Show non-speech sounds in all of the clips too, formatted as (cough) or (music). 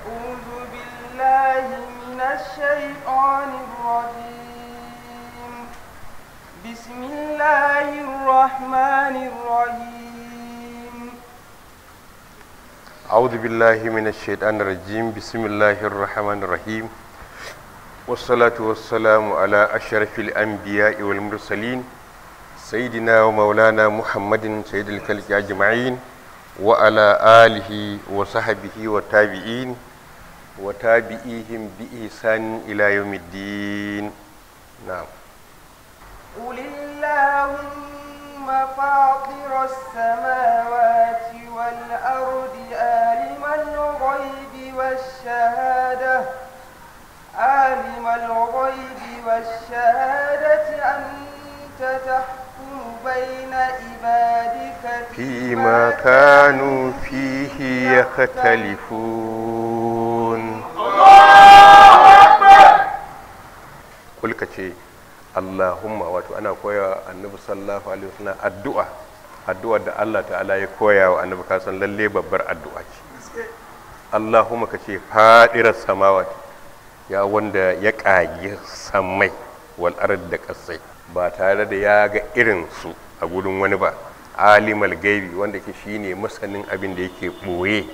أعوذ بالله من الشيطان الرجيم بسم الله الرحمن الرحيم أعوذ بالله من الشيطان الرجيم بسم الله الرحمن الرحيم والصلاة والسلام على أشرف الأنبياء والمرسلين سيدنا ومولانا محمد سيد الخلق أجمعين وعلى آله وصحبه والتابعين وتابعيهم بإحسان إلى يوم الدين نعم قل اللهم فاطر السماوات والأرض عالم الغيب والشهادة عالم الغيب والشهادة أنت تحكم بين عبادك فيما كانوا فيه يختلفون الله أكبر قل كتشي اللهم واتو أنا كويا النبي صلى الله عليه وسلم الدعاء addu'ar da Allah ta'ala ya koya wa annabi kasan lalle babbar addu'a ce Allahumma ka ce fadirar samawati ya wanda ya ƙagi samai wal da ƙasai ba tare da ya ga irin su a gudun wani ba alimal gaibi wanda ke ne masanin abin da yake ɓoye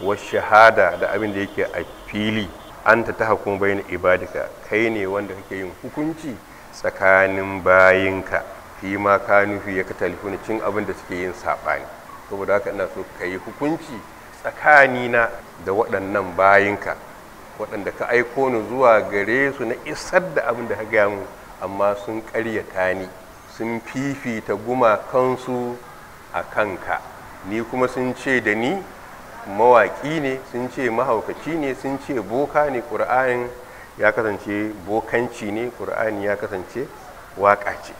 wa shahada da abin da yake a fili an ta ta hakun bayan ibadika kai ne wanda kake yin hukunci tsakanin bayinka fi ma ka nufi ya ka talifuna cin abin da suke yin saɓani saboda haka ina so ka yi hukunci tsakanina da waɗannan bayinka waɗanda ka aiko ni zuwa gare su na isar da abin da ka gaya mu amma sun ƙaryata ni sun fifita gumakansu a kanka ni kuma sun ce da ni mawaƙi ne sun ce mahaukaci ne sun ce boka ne ƙura'ayin ya kasance bokanci ne ƙura'ayin ya kasance waƙa ce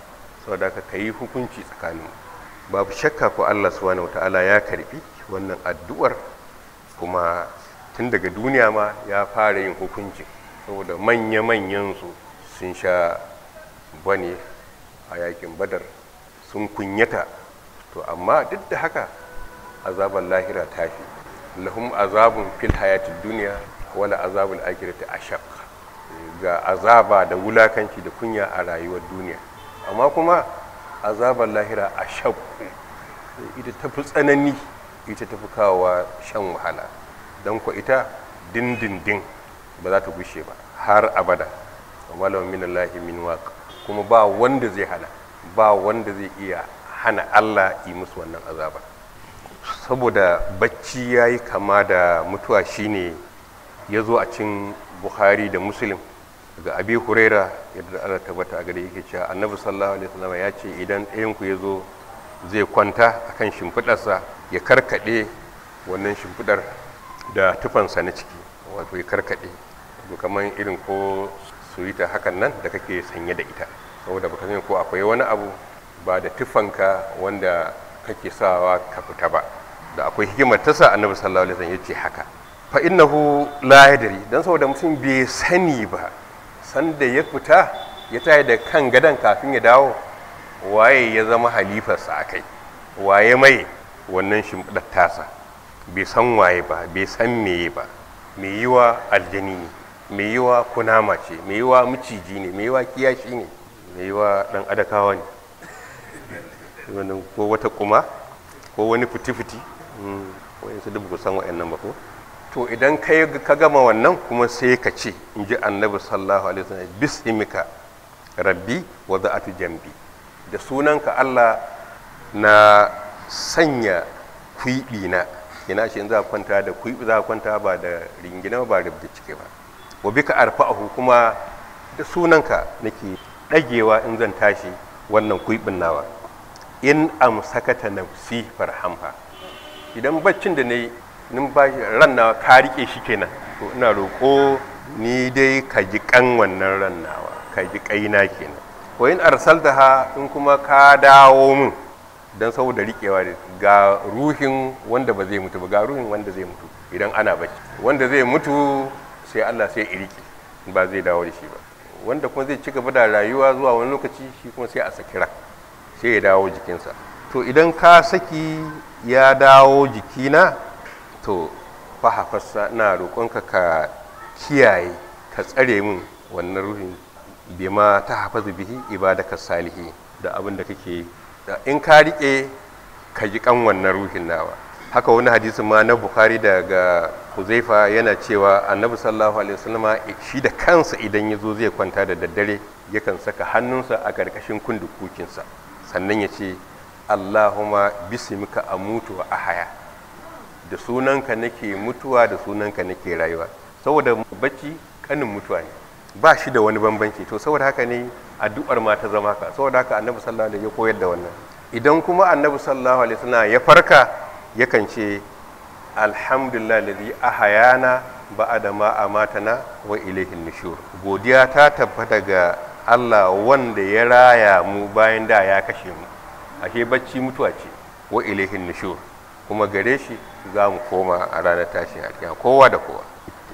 saboda da ka yi hukunci tsakanin babu shakka ko Allah subhanahu wata'ala ya karbi wannan addu'ar kuma tun daga duniya ma ya fara yin hukunci saboda manya-manyan su sun sha bane a yakin badar sun kunyata to amma duk da haka azabar lahira ta fi lahum azabun fil hayatid duniya wala azabul akhirati ashaq ga azaba da wulakanci da kunya a rayuwar duniya amma kuma azabar lahira ashaq ita ta tsanani ita tafi fi kawowa shan wahala don ku ita dindindin ba za ta gushe ba har abada wa malamin minallahi min waq kuma ba wanda zai hana ba wanda zai iya hana Allah yi musu wannan azaba saboda bacci ya yi kama da mutuwa shine ya zo a cin buhari da musulun daga abi huraira yadda ana tabbata a gare yake cewa annabi sallallahu alaihi wasallam ya ce idan ɗayanku ya zo zai kwanta akan shimfiɗarsa ya karkaɗe wannan shimfiɗar da tufansa na ciki wato ya karkaɗe kamar irin ko Su yi ta hakan nan da kake sanye da ita saboda baka sani ko akwai wani abu ba da tufanka wanda kake sawa ka fita ba da akwai hikimar ta sa annabi sallallahu alaihi wasallam yace haka fa innahu la yadri dan saboda mutum bai sani ba sanda ya fita ya tayi da kan gadan kafin ya dawo waye ya zama halifarsa akai waye mai wannan shimfiɗar tasa bai san waye ba bai san meye ba mai yiwa aljanini mai yiwa kunama ce mai yiwa miciji ne mai yiwa kiyashi ne mai yiwa dan adakawa ne ko wata kuma ko wani fiti-fiti hmm, wani su dubu san wa'annan ba ko to idan ka gama wannan kuma sai ka ce in ji annabi sallahu alaihi wasallam bismika rabbi wa za'atu jambi da sunanka Allah na sanya kwiɓi na ina shi in za kwanta da kwiɓi za kwanta ba da ringina ba da cike ba wa bika arfa'ahu kuma da sunanka nake dagewa in zan tashi wannan kuibin nawa in amsakata nafsi farhamha idan baccin da nayi numfashi ran nawa ka rike shi kenan to ina roƙo ni dai ka ji kan wannan ran nawa ka ji kaina kenan ko in arsaltaha in kuma ka dawo min. don saboda rikewa ga ruhin wanda ba zai mutu ba ga ruhin wanda zai mutu idan ana bacci wanda zai mutu sai Allah sai iriki ba zai dawo da shi ba wanda kuma zai ci gaba da rayuwa zuwa wani lokaci shi kuma sai a saki sai ya dawo jikinsa to idan ka saki ya dawo jikina to fahafassa na roƙonka ka kiyaye ka tsare min wannan ruhin ma ta hafazu bihi ka salihi da abin da kake in ka riƙe ka ji kan wannan ruhin nawa haka wani hadisin ma na bukhari daga huzaifa yana cewa annabi sallallahu alaihi wasallama shi da kansa idan ya zo zai kwanta da daddare yakan saka hannunsa a ƙarƙashin kundukukinsa sannan ya ce allahumma a amutu wa haya da sunanka nake mutuwa da sunanka nake rayuwa saboda bacci kanin mutuwa ne ba shi da wani bambanci to saboda haka ne addu'ar ma ta zama ka saboda haka annabi sallallahu alaihi ya koyar da wannan idan kuma annabi sallallahu alaihi wasallam ya farka yakan ce alhamdulillah a na ba'a da ma matana wa ilihin nishur godiya ta tabbata ga Allah wanda ya raya mu bayan da ya kashe mu ashe bacci mutuwa ce wa ilihin nishur kuma gare shi za mu koma a ranar tashi a alkiyama kowa da kowa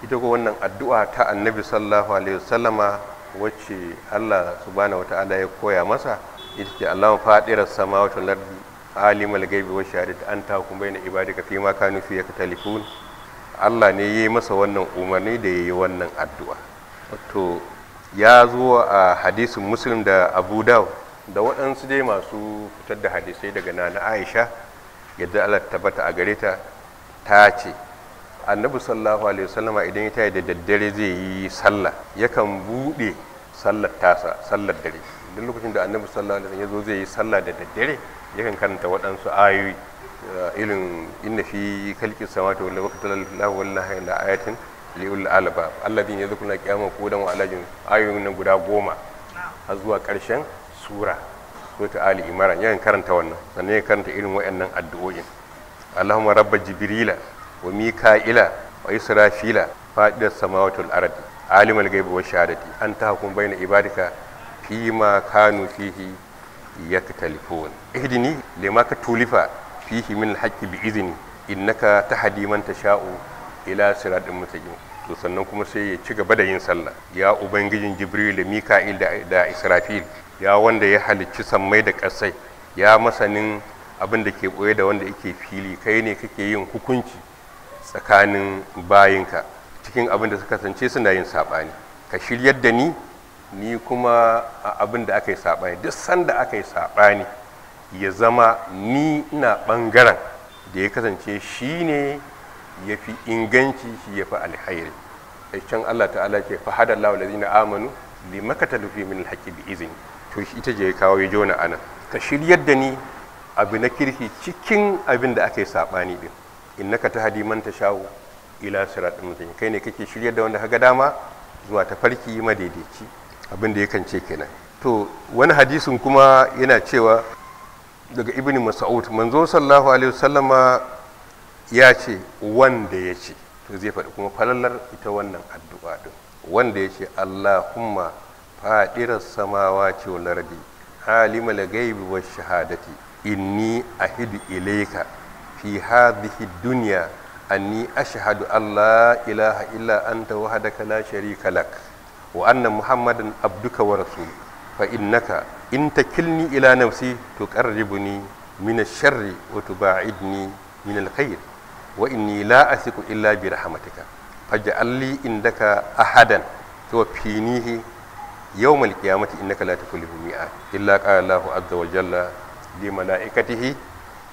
ita ko wannan addu'a ta annabi sallallahu alaihi wasallama wacce Allah subhanahu Ala ya koya masa ita ce Allahumma fadiras sama ardi alimul gaibi wa shahadati anta na baina ibadika fi ma kanu fi yaktalifun Allah ne yayi masa wannan umarni da yayi wannan addu'a to ya zo a hadisin muslim da abu daw da waɗansu dai masu fitar da hadisai daga nana aisha yadda allah tabbata a gare ta ta ce annabi sallallahu alaihi wasallama idan ya tayi da daddare zai yi sallah yakan buɗe sallar tasa sallar dare duk lokacin da annabi sallallahu alaihi wasallam ya zo zai yi sallah da daddare yakan karanta waɗansu ayoyi eh, ilin inna fi kalki samawati wal ardi talal lahu wallahi la ayatin liul alaba alladhi yadhkuruna qiyama qudan wa alajin ayoyin nan guda goma har zuwa ƙarshen sura sura ali imran yakan karanta wannan sannan yakan karanta irin waɗannan addu'o'in allahumma rabba jibrila wa mika'ila wa israfila fadil samawati wal ardi alimul ghaibi wa shahadati anta hukum baina ibadika fima kanu fihi yaktalifun ihdini lima ka tulifa fihi min haƙƙi bi izni innaka tahdi man tasha'u ila siratin mustaqim to sannan kuma sai ya ci gaba da yin sallah ya ubangijin jibril da mika'il da israfil ya wanda ya halicci sammai da ƙasai ya masanin abin da ke ɓoye da wanda yake fili kai ne kake yin hukunci tsakanin bayinka cikin abin da suka kasance suna yin saɓani ka shiryar da ni ni kuma abin da aka yi saɓani duk sanda aka yi saɓani ya zama ni na ɓangaren da ya kasance shi ne ya fi inganci shi ya fi alhairi can Allah ta'ala ke fa hada Allah lazina amanu li makatalu fi min alhaqi bi izini. to shi ita je ya kawo ya jona ana. ka shiryar da ni abu na kirki cikin abin da aka yi saɓani naka ta hadi man shawo? ila siratin mutane kai ne kake shiryar da wanda kaga dama zuwa ta tafarki madaidaici abin da yakan ce kenan to wani hadisin kuma yana cewa daga ibn mas'ud manzo sallallahu alaihi wasallama ya ce wanda ya ce to zai faɗi kuma falalar ita wannan addu'a din wanda ya ce allahumma fadirar samawa ce wal ardi alimul ghaibi wash shahadati inni ahidu ilayka fi hadhihi dunya anni ashhadu an la ilaha illa anta wahdaka la sharika lak wa anna muhammadan abduka wa rasul fa innaka in takilni ila nafsi tuqarribuni min ash-sharri wa tubaidni min al-khair wa inni la asiku illa bi rahmatika faj'al indaka ahadan tuwaffinihi يوم القيامة إنك لا تخلف الميعاد إلا قال الله عز وجل لملائكته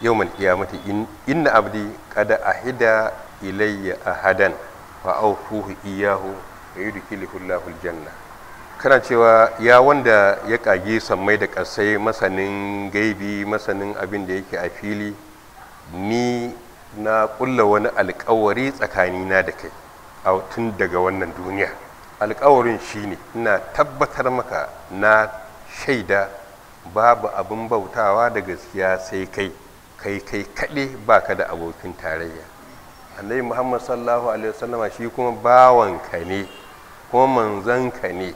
يوم القيامة إن, إن عبدي قد أهدى إلي أحدا فأوفوه إياه yudkhiluhu Allahu aljanna kana cewa ya wanda ya kage sammai da ƙasai masanin gaibi masanin abin da yake a fili ni na kulla wani alkawari tsakanina da kai a tun daga wannan duniya alkawarin shine ina tabbatar maka na shaida babu abin bautawa da gaskiya sai kai kai kai kaɗe ka da abokin tarayya annabi muhammad sallallahu alaihi wasallama shi kuma bawanka ne kuma manzanka ne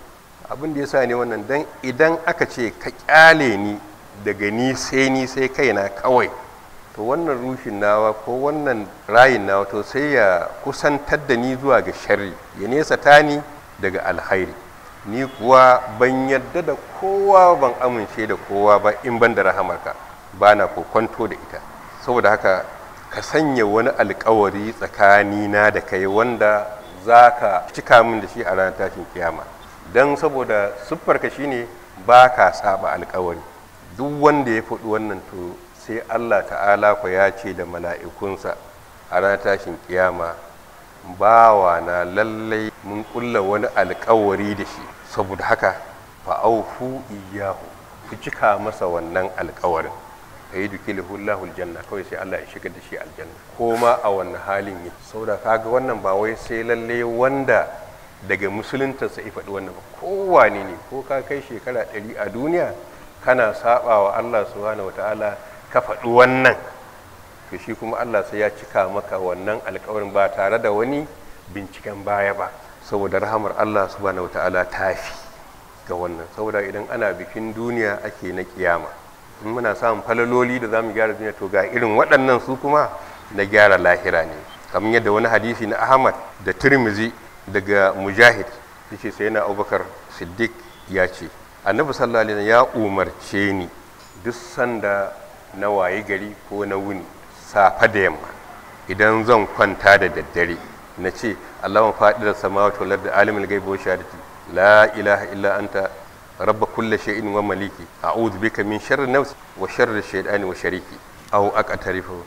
abin da ya sa ne wannan dan idan aka ce ka kyale ni daga ni sai ni sai kaina kawai to wannan rushin nawa ko wannan rayin nawa to sai ya kusantar da ni zuwa ga shari ya nesa ta ni daga alhairi ni kuwa ban yadda da kowa ban amince da kowa ba in ban da rahamarka ba na kokonto da ita saboda haka ka sanya wani alkawari tsakanina da kai wanda za ka cika min da shi a ranar tashin kiyama don saboda siffarka shine ba ka saba alkawari duk wanda ya faɗi wannan to sai allah ta'ala ku ya ce da mala'ikunsa a ranar tashin kiyama bawa na lallai mun kulla wani alkawari da shi saboda haka fa'aufu iyahu ku cika masa wannan alkawarin duke lahu lahu aljanna kawai sai Allah ya shigar da shi aljanna ko ma a wannan halin yake saboda kaga wannan ba wai sai lalle wanda daga sa ya faɗi wannan ba kowane ne ko ka kai shekara ɗari a duniya kana saba wa Allah subhanahu wataala ka faɗi wannan to shi kuma Allah sai ya cika maka wannan alƙawarin ba tare da wani binciken baya ba saboda rahamar Allah subhanahu wataala tafi ga wannan saboda idan ana bikin duniya ake na kiyama in muna samun falaloli da za mu gyara duniya to ga irin waɗannan su kuma na gyara lahira ne kamar yadda wani hadisi na ahmad da tirmizi daga mujahid yace sai na abubakar siddiq ya ce annabi sallallahu alaihi ya umarce ni duk sanda na wayi gari ko na wuni safa da yamma idan zan kwanta da daddare na ce allahumma faɗi da samawati wal ardi alimul ghaibi wa shahadati la ilaha illa anta rabba kulle shay'in wa maliki a'udhu bika min sharri nafsi wa sharri shaytani wa shariki aw aqtarifu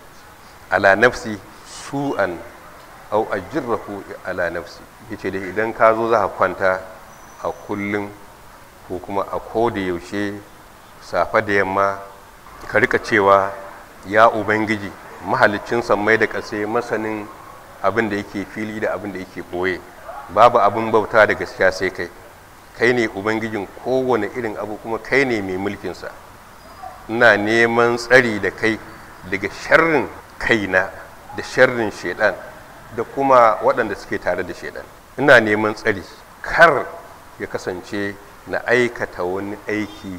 ala nafsi su'an aw ala nafsi yace dai idan ka zo za ka kwanta a kullum ko kuma a koda yaushe safa da yamma ka rika cewa ya ubangiji mahalicin mai da ƙasa masanin abin da yake fili da abin da yake boye babu abin bauta da gaskiya sai kai kai ne ubangijin kowane irin abu kuma kai ne mai mulkinsa ina neman tsari da kai daga sharrin kaina da sharrin shaidan da kuma waɗanda suke tare da shaidan ina neman tsari kar ya kasance na aikata wani aiki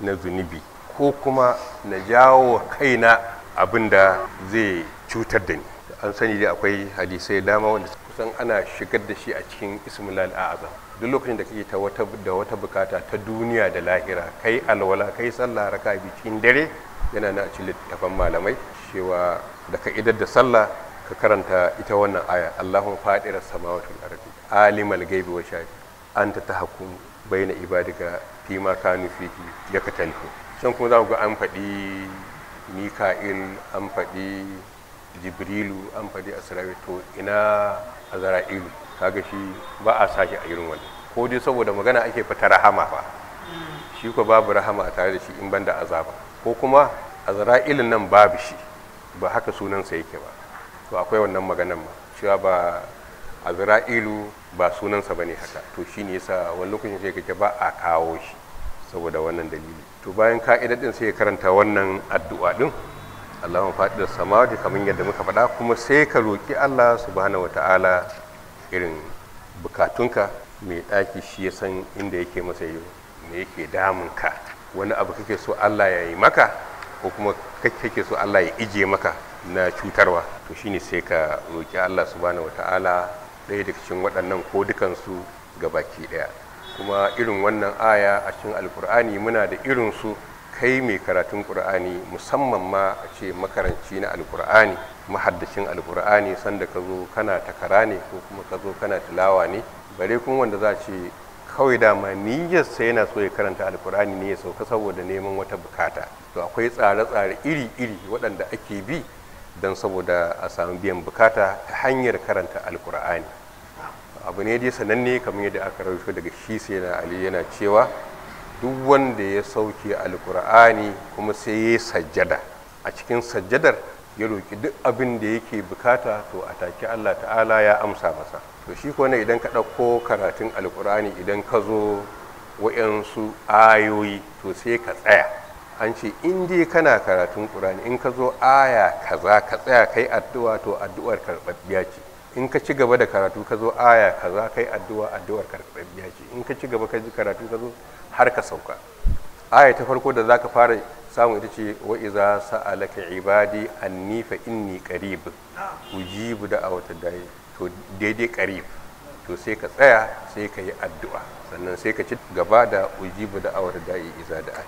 na zunubi ko kuma na jawo kaina abin da zai cutar da ni an sani da akwai hadisai dama wanda kusan ana shigar da shi a cikin ismulal a'azam duk lokacin da kake da wata bukata ta duniya da lahira kai alwala kai sallah raka bikin dare yana na ci littafan malamai cewa da ka idar da sallah ka karanta ita wannan aya Allahumma fadiras samawati wal ardi alimal ghaibi wa shahid anta tahkum baina ibadika ma kanu fihi yakatalifu can kuma za ku ga an faɗi mika'il an faɗi jibrilu an faɗi asirawi to ina azara'ilu kaga shi ba a sashi a irin wani ko dai saboda magana ake fita rahama ba shi ko babu rahama a tare da shi in banda azaba ko kuma azra'ilin nan babu shi ba haka sunansa yake ba to akwai wannan maganan ma cewa ba azra'ilu ba sunansa bane haka to shine yasa wani lokacin sai kake ba a kawo shi saboda wannan dalili to bayan ka'ida din sai ya karanta wannan addu'a din Allahumma faɗi da samawati kamar yadda muka faɗa kuma sai ka roki Allah subhanahu wata'ala irin bukatunka mai ɗaki shi ya san inda yake masa yi me yake damunka wani abu kake so allah ya yi maka ko kuma kake so allah ya ije maka na cutarwa to shine sai ka roƙi allah subhanahu wata'ala ɗaya daga cikin waɗannan ko dukansu ga baki ɗaya kuma irin wannan aya a cikin alkur'ani muna da irinsu kai mai karatun ƙur'ani musamman ma a ce makaranci na alƙur'ani mahaddacin alƙur'ani sanda ka zo kana takara ne ko kuma ka zo kana tilawa ne bare kun wanda za ce kawai dama sa yana so ya karanta alkur'ani ne ya sauka saboda neman wata bukata to akwai tsare-tsare iri-iri waɗanda ake bi don saboda a samu biyan bukata ta hanyar karanta alkur'ani abu ne dai sananne kamar yadda aka rawaito daga shi sai na ali yana cewa duk wanda ya sauke alkur'ani kuma sai ya sajjada a cikin sajjadar ya roƙi duk abin da yake bukata to a take Allah ta'ala ya amsa masa to shi ko ne idan ka ɗauko karatun alkur'ani idan ka zo wa'yansu ayoyi to sai ka tsaya an ce in dai kana karatun ƙur'ani in ka zo aya kaza ka tsaya kai addu'a to addu'ar karɓaɓɓiya ce in ka ci gaba da karatu ka zo aya kaza yi addu'a addu'ar karɓaɓɓiya ce in ka ci gaba ka ji karatu ka zo har ka sauka aya ta farko da za ka fara samu ita ce wa iza sa'alaka ibadi anni fa inni qarib ujibu da awata dai to daidai qarib to sai ka tsaya sai ka yi addu'a sannan sai ka ci gaba da ujibu da awata dai iza da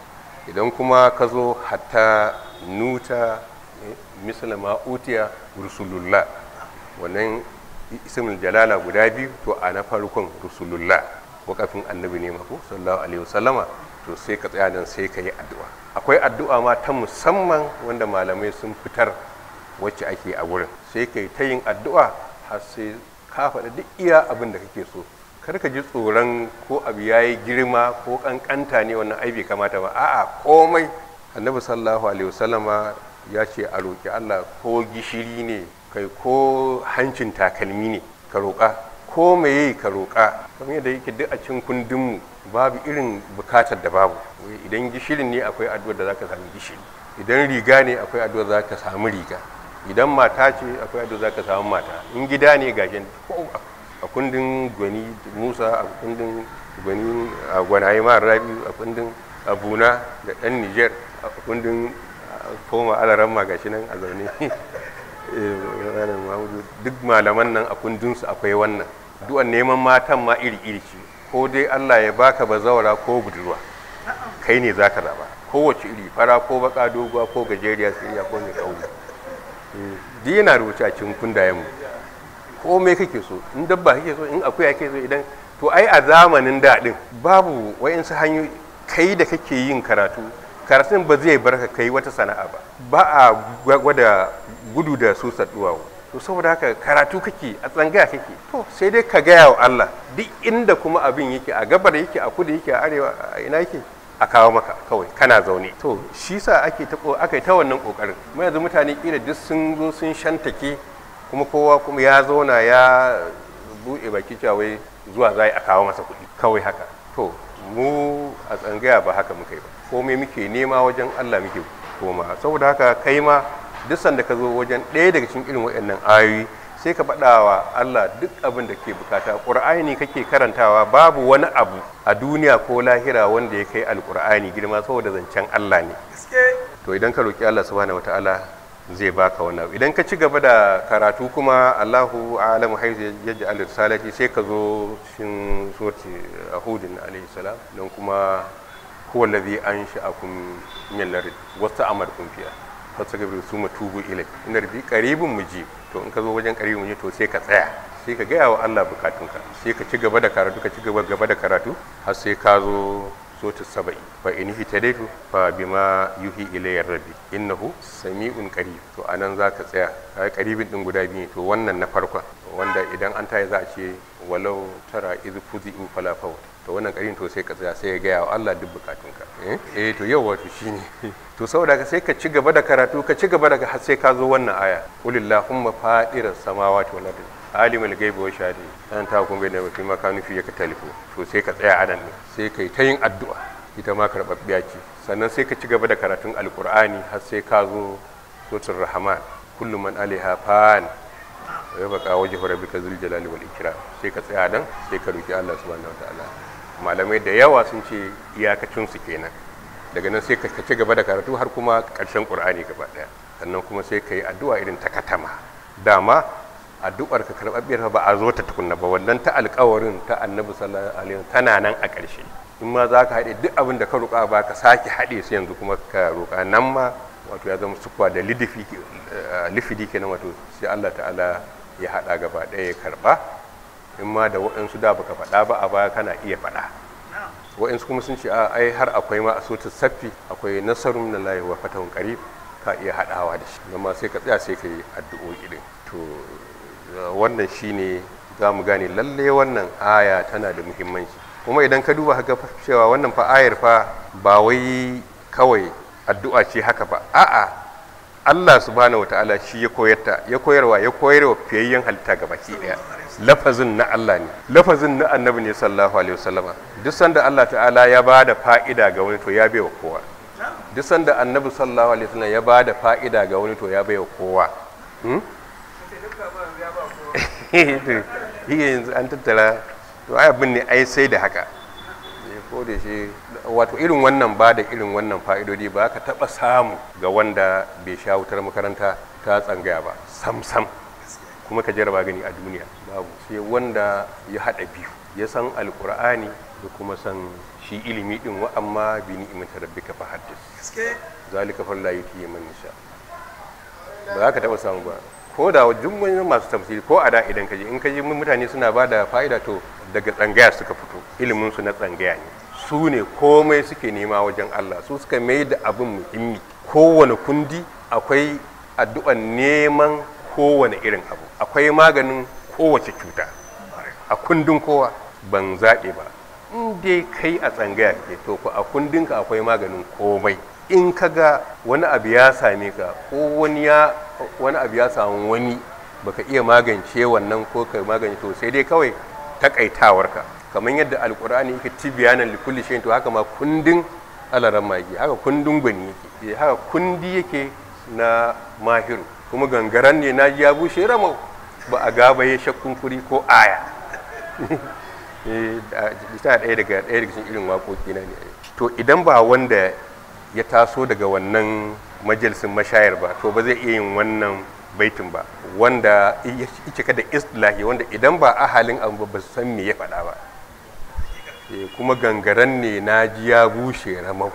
idan kuma ka zo hatta nuta eh, misalama utiya rusulullah wannan ismul jalala guda biyu to a na farkon rusulullah wakafin annabi ne mako sallallahu alaihi wasallama to sai ka tsaya nan sai ka yi addu'a akwai addu'a ma ta musamman wanda malamai sun fitar wacce ake a wurin sai ka yi ta yin addu'a har sai ka faɗa duk iya abin da kake so kar ka ji tsoron ko abu ya girma ko kankanta ne wannan aibi kamata ba a'a komai annabi sallallahu alaihi wasallama ya ce a roƙi allah ko gishiri ne kai ko hancin takalmi ne ka roƙa ko meye ka roƙa kamar yadda yake duk a cin kundinmu babu irin bukatar da babu idan gishirin ne akwai addu'ar da zaka samu gishiri idan riga ne akwai addu'ar da zaka samu riga idan mata ce akwai addu'ar da zaka samu mata in gida ne gashin ko a kundin gwani musa a kundin gwani a gwanaye mara rabi a kundin abuna da dan niger a kundin koma alaran magashi nan a zaune (laughs) duk malaman nan a kundinsu akwai wannan du'an neman matan ma iri-iri ce ko dai Allah ya baka ba zawara ko budurwa kai ne zaka zaba kowace iri fara ko baka doguwa ko gajeriya siriya ko mai kawo eh, duk yana rubuce a cikin kundayen mu ko me kake so in dabba kake so in akuya kake so idan to ai a zamanin daɗin babu wayansu hanyoyi kai da kake yin karatu karatun ba zai barka kai wata sana'a ba ba a gwada gudu da su saduwawo to saboda haka karatu kake a tsangaya kake to sai dai ka gaya wa Allah duk inda kuma abin yake a gabar yake a kudu yake a arewa a ina yake a kawo maka kawai kana zaune to shi sa ake ta aka ta wannan kokarin mai yanzu mutane kila duk sun zo sun shantake kuma kowa kuma ya zauna ya buɗe baki cewa wai zuwa zai a kawo masa kuɗi kawai haka to mu a tsangaya ba haka muka yi ba komai muke nema wajen Allah muke koma saboda haka kai ma duk sanda ka zo wajen ɗaya daga cikin irin waɗannan ayoyi sai ka faɗa wa Allah duk abin da ke bukata ƙur'ani kake karantawa babu wani abu a duniya ko lahira wanda ya kai alƙur'ani girma saboda zancen Allah ne to idan ka roki Allah subhanahu wataala zai baka wannan idan ka ci gaba da karatu kuma Allahu a'lamu haythu yaj'al risalati sai ka zo cikin surati Hudin alayhi salam don kuma huwa allazi ansha'akum min al-ard wasta'amarakum fiha fastaghfiru su matubu ilai inna rabbi karibin muji to in ka zo wajen karibin muji to sai ka tsaya sai ka gaya wa Allah bukatunka sai ka ci gaba da karatu ka ci gaba gaba da karatu har sai ka zo sotu saba'i fa in hitadaitu fa ma yuhi ilayya rabbi innahu sami'un qarib to anan ka tsaya kai karibin din guda biyu to wannan na farko wanda idan an yi za a ce walau tara iz fuzi'u fala fawt to wannan karin to sai ka tsaya sai ya gaya wa Allah duk bukatunka eh, eh to yau wato shine (laughs) to saboda ka sai ka ci gaba da karatu ka ci gaba da har sai ka zo wannan aya qulillahumma fadiras samawati wal ardi alimul ghaibi wa shahadi an ta kun bayyana fi ma fi fi talifu to sai ka tsaya anan ne sai kai ta yin addu'a ita ma karbabbiya ce sannan sai ka ci gaba da karatun alqur'ani har sai ka zo suratul rahman kullu man alaiha fan wa yabqa wajhu rabbika zul jalali wal ikram sai ka tsaya nan sai ka roki Allah subhanahu wa ta'ala malamai da yawa sun ce iyakacinsu kenan daga nan sai ka ci gaba da karatu har kuma ƙarshen ƙur'ani gaba ɗaya sannan kuma sai ka yi addu'a irin ta katama dama addu'ar ka karɓaɓɓiyar ba a zo ta tukunna ba wannan ta alƙawarin ta annabi sallallahu alaihi tana nan a ƙarshe in ma za ka haɗe duk abin da ka roƙa ba ka sake haɗe su yanzu kuma ka roƙa nan ma wato ya zama sukwa da eh, lifidi kenan wato sai Allah ta'ala ya haɗa gaba ɗaya ya karɓa in ma da waɗansu da baka faɗa ba a baya kana iya faɗa waɗansu kuma sun ce a ai har akwai ma a sotar saffi akwai nasarun na layi wa fatahun ƙari ka iya haɗawa da shi amma sai ka tsaya sai ka yi addu'o'i din to wannan shine za mu gane lalle wannan aya tana da muhimmanci kuma idan ka duba haka cewa wannan fa ayar fa ba wai kawai addu'a ce haka ba a'a Allah subhanahu Ta'ala shi ya koyarta ya koyarwa ya koyarwa fiyayyen halitta ga baki ɗaya. lafazin na Allah ne lafazin na annabi ne sallallahu alaihi wasallama duk sanda Allah ta'ala ya ba da fa'ida ga wani to ya baiwa kowa duk sanda annabi sallallahu alaihi wasallama ya ba da fa'ida ga wani to ya baiwa kowa hmm? yanzu an tattara to ai abin ne ai sai da haka eh, ko da shi wato irin wannan ba da irin wannan fa'idodi ba ka taɓa samu ga wanda bai sha wutar makaranta ta tsangaya ba sam sam kuma ka jarraba gani a duniya babu sai wanda ya haɗa biyu ya san alkur'ani da kuma san shi ilimi din wa amma bi ni'imati rabbika fa haddis zalika fa la yuti man nisha ba za ka taba samu ba ko da jumlolin masu tafsiri ko a da idan ka in ka je mutane suna ba da fa'ida to daga tsangaya suka fito ilimin su na tsangaya ne su ne komai suke nema wajen Allah su suka mai da abin muhimmi kowane kundi akwai addu'an neman kowane irin abu akwai maganin kowace cuta a kundin kowa ban zaɓe ba in dai kai a tsangaya ke to ku a ka akwai maganin komai in ka ga wani abu ya same ka ko wani abu ya samu wani baka iya magance wannan ko ka magance to sai dai kawai ka kamar yadda alkur'ani yake tibiyanan likulli shi to haka ma kundin alaran magi haka kundin gwani yake eh, haka kundi yake na mahiru kuma gangaran ne na ya bushe ramau ba a gaba ya shakkun kuri ko aya ta (laughs) eh, ɗaya daga ɗaya daga cikin irin waƙoƙi na ne to idan ba wanda ya taso daga wannan majalisin mashayar ba to ba zai iya yin wannan baitin ba wanda ya cika da istilahi wanda idan ba ahalin abu ba su san me ya faɗa ba eh, kuma gangaren ne na ji ya bushe ramau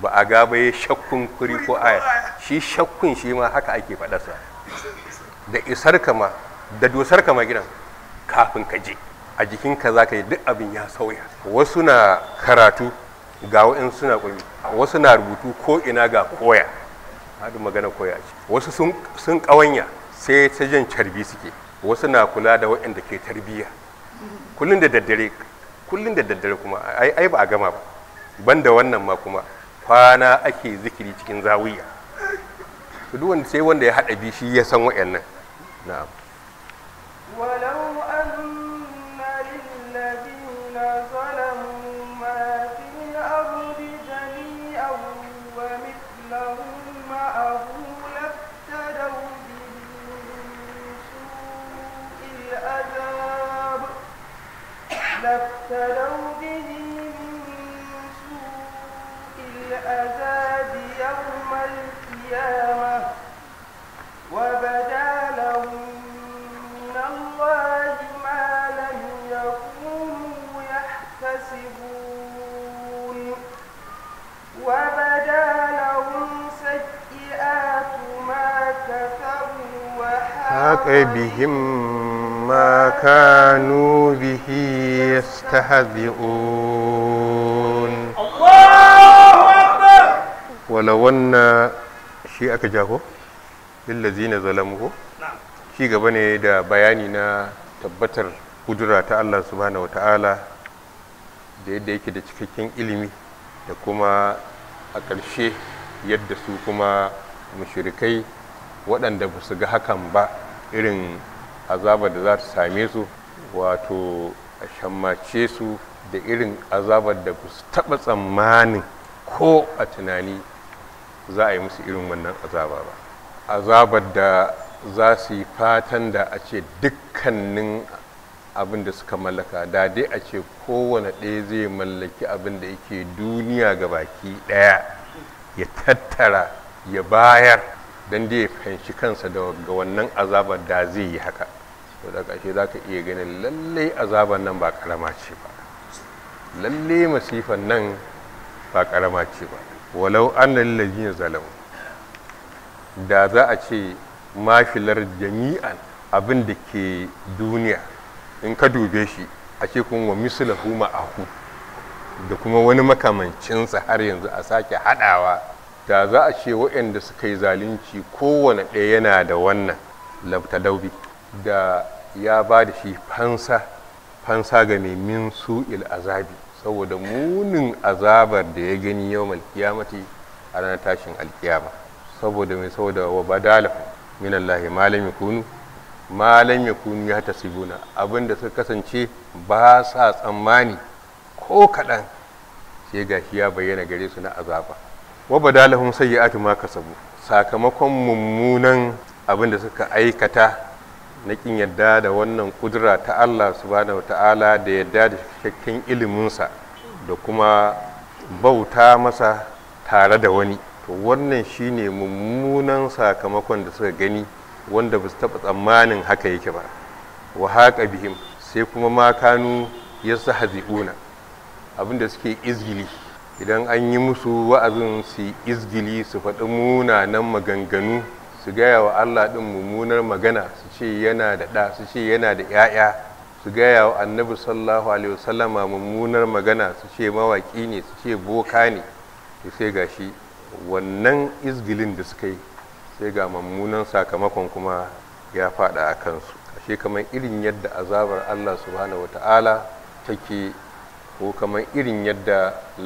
ba a gaba ya shakkun kuri ko aya shi shakkun shi ma haka ake faɗarsa da isar kama da dosar kama gidan kafin ka je a jikinka za ka yi duk abin ya sauya wasu na karatu ga wa'in suna ƙwami wasu na rubutu ko ina ga koya haɗu magana koya ce wasu sun ƙawanya sai ta jan carbi suke wasu na kula da waɗanda ke tarbiyya kullum da daddare kullum da daddare kuma ai ba a gama ba banda wannan ma kuma kwana ake zikiri cikin zawiya duk wanda sai wanda ya haɗa bishi ya san waɗannan نعم ولو أن للذين ظلموا حاق بهم ما كانوا به يستهزئون الله shi gaba ne da bayani na tabbatar kudura ta Allah subhanahu wa ta'ala da yadda yake da cikakken ilimi da kuma a ƙarshe yadda su kuma mashirikai waɗanda ba su ga hakan ba irin azabar da za ta same su wato a shammace su da irin azabar da ba su taɓa tsammanin ko a tunani za a yi musu irin wannan azaba ba azabar da za su yi fatan da a ce dukkanin abin da suka mallaka da dai a ce kowane ɗaya zai mallaki abin da yake duniya ga baki ɗaya ya tattara ya bayar don da ya fahimci kansa daga wannan azabar da zai yi haka to da ƙashe za ka iya ganin lalle azabar nan ba ƙarama ce ba lalle masifan nan ba ƙarama ce ba walau an lallajin zalamu da za a ce mafilar jami'an abin da ke duniya in ka dube shi a ce kun wa mislahu ma'ahu da kuma wani makamancinsa har yanzu a sake haɗawa da za a ce waɗanda suka yi zalunci kowane ɗaya yana da wannan labtalaubi da ya ba da shi fansa fansa ga nemin su azabi saboda munin azabar da ya gani yau malkiyamati a ranar tashin alkiyama saboda mai saboda wa badala min Allah malam yakunu malam kunu ya tasibuna abinda suka kasance ba sa tsammani ko kaɗan sai shi ya bayyana gare su na azaba wa badalahum sayyi'atu ma kasabu sakamakon mummunan abin da suka aikata na kin yadda da wannan kudura ta Allah subhanahu ta'ala da yadda da cikakken iliminsa da kuma bauta masa tare da wani to wannan shine mummunan sakamakon da suka gani wanda ba su taɓa tsammanin haka yake ba wa haƙa bihim sai kuma makanu ya sa abinda suke izgili idan an yi musu wa'azin su izgili su faɗi munanan maganganu su gaya wa Allah ɗin mummunar magana su ce yana da ɗa su ce yana da ‘ya'ya su gaya wa annabi sallallahu alaihi wasallama mummunar magana su ce mawaƙi ne su ce boka ne to sai ga shi wannan izgilin da suka yi sai ga mummunan sakamakon kuma ya faɗa a kansu ashe kamar irin yadda azabar Allah subhanahu ta'ala take ko kamar irin yadda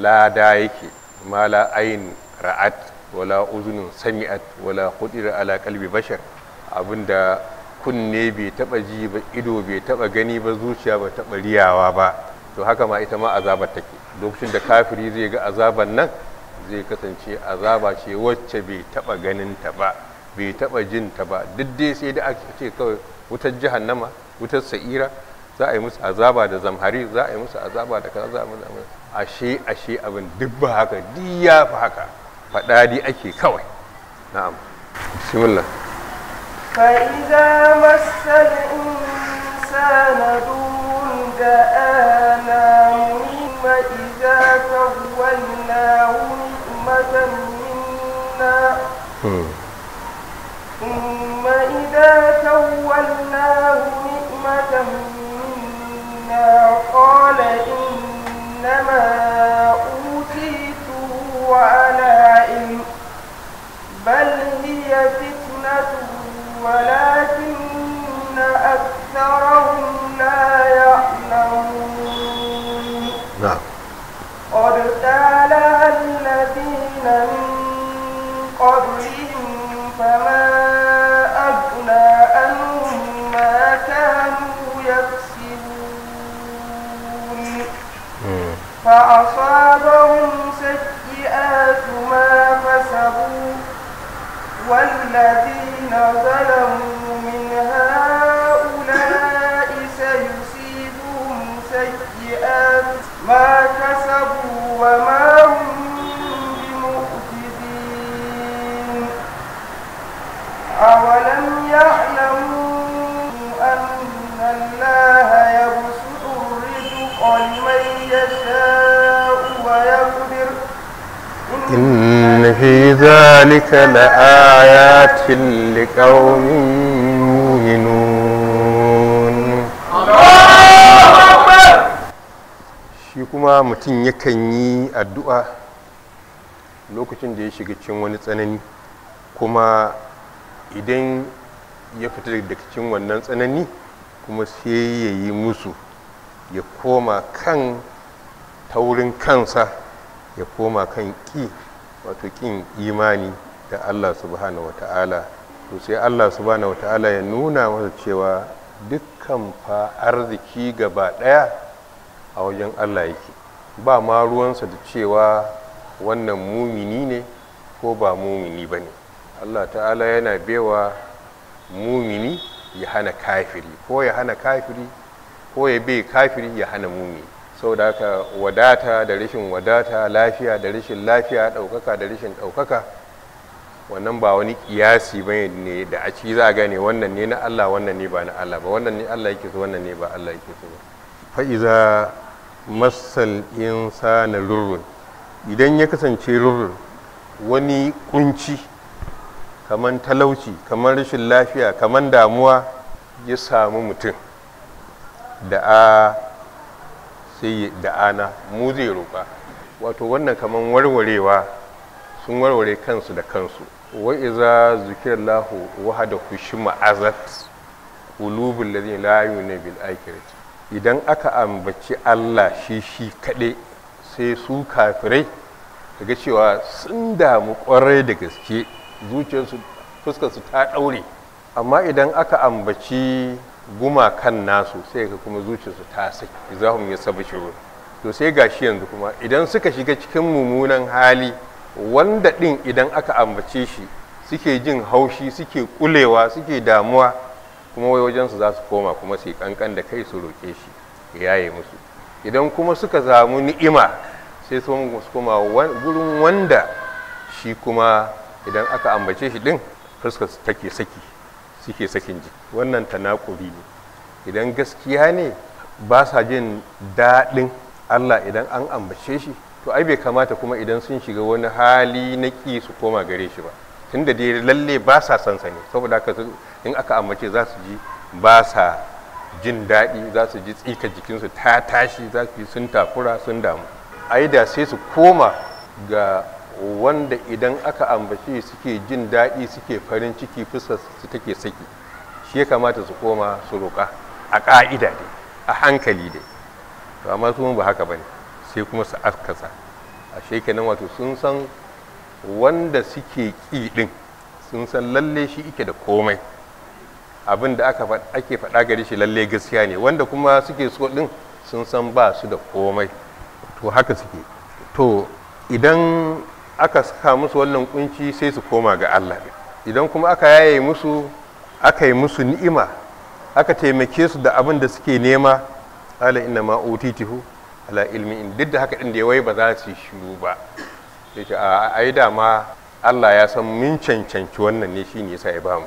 lada yake mala ayin ra'at wala uzunin sami'at wala kudira ala kalbi bashar abinda kunne bai taba ji ba ido bai taba gani ba zuciya ba taba riyawa ba to haka ma ita ma azabar take lokacin da kafiri zai ga azaban nan zai kasance azaba ce wacce bai taba ganin ta ba bai taba jin ta ba duk dai sai da ake ce kawai wutar jihannama wutar sa'ira za a yi musu azaba da zamhari za a yi musu azaba da kaza za a musu ashe ashe abin duk ba haka duk ya fi haka faɗaɗi ake kawai na'am bismillah فإذا مس الإنسان دون دعانا وإذا تولناه نعمة منا ثم إذا تولناه نعمة منا قال إنما أوتيته على علم بل هي فتنة ولكن أكثرهم لا يعلمون نعم قد تعالى الذين من قبلهم فما فأصابهم سيئات ما كسبوا والذين ظلموا من هؤلاء سيصيبهم سيئات ما كسبوا وما هم بمؤجدين يشاء ويقدر إن في ذلك لآيات لقوم يؤمنون shi kuma mutum yakan yi addu'a lokacin da ya shiga cikin wani tsanani kuma idan ya fita daga cikin wannan tsanani kuma sai ya yi musu ya koma kan ta wurin kansa ya koma kan ƙi wato ƙin imani da allah subhanahu wa ta'ala to sai allah subhanahu wa ta'ala ya nuna masa cewa dukkan fa arziki gaba ɗaya a wajen allah yake ba ma ruwansa da cewa wannan mumini ne ko ba mumini ba ne allah ta'ala yana bewa mumini ya hana kafiri ko ya hana kafiri ko ya bai kafiri ya hana mumini Sau da aka wadata da rashin wadata lafiya da rashin lafiya ɗaukaka da rashin ɗaukaka wannan ba wani kiyasi ba ne da a ci za a gane wannan ne na Allah wannan ne ba na Allah ba wannan ne Allah yake so wannan ne ba Allah yake so fa iza masal insana rurrun idan ya kasance rurrun wani kunci kaman talauci kaman rashin lafiya kaman damuwa ya samu mutum da a sai da ana mu zai roƙa wato wannan kamar warwarewa sun warware kansu da kansu wa iza zikirallahu wahada hushima azat qulubul ladina la yu'minu bil akhirati idan aka ambaci Allah shi shi kaɗai sai su kafirai daga cewa sun damu ƙwarai da gaske zuciyarsu fuskarsu ta ɗaure amma idan aka ambaci gumakan nasu sai ka kuma zuciyarsu ta sai zahum yi sabu shiru to sai gashi yanzu kuma idan suka shiga cikin mummunan hali wanda ɗin idan aka ambace shi suke jin haushi suke kulewa suke damuwa kuma wai wajensu za su koma kuma su kankan da kai su roƙe shi ya yaye musu idan kuma suka samu ni'ima sai su koma gurin wanda shi kuma idan aka ambace shi ɗin fuskar take saki suke sakin jiki wannan tanakubi ne idan gaskiya ne ba sa jin daɗin allah idan an ambace shi to ai bai kamata kuma idan sun shiga wani hali na ƙi su koma gare shi ba tun da dai lalle ba sa son sani saboda haka in aka ambace za su ji ba sa jin daɗi za su ji tsika jikinsu ta tashi za su ji sun takura sun damu ai da sai su koma ga wanda idan aka ambace suke jin daɗi suke farin ciki fuskar su take saki shi ya kamata su koma su roƙa a ƙa'ida dai a hankali dai to amma su ba haka bane sai kuma su askasa a shekenan wato sun san wanda suke ƙi ɗin sun san lalle shi ike da komai abin da ake faɗa gari shi lalle gaskiya ne wanda kuma suke so ɗin sun san ba su da komai to haka suke to idan aka saka musu wannan kunci sai su koma ga Allah idan kuma aka yaye musu aka yi musu ni'ima aka taimake su da abin da suke nema ala inna ma utitihu ala ilmi in duk da haka din da yayi ba za su shiru ba sai ai da ma Allah ya san mun cancanci wannan ne shine yasa ya bamu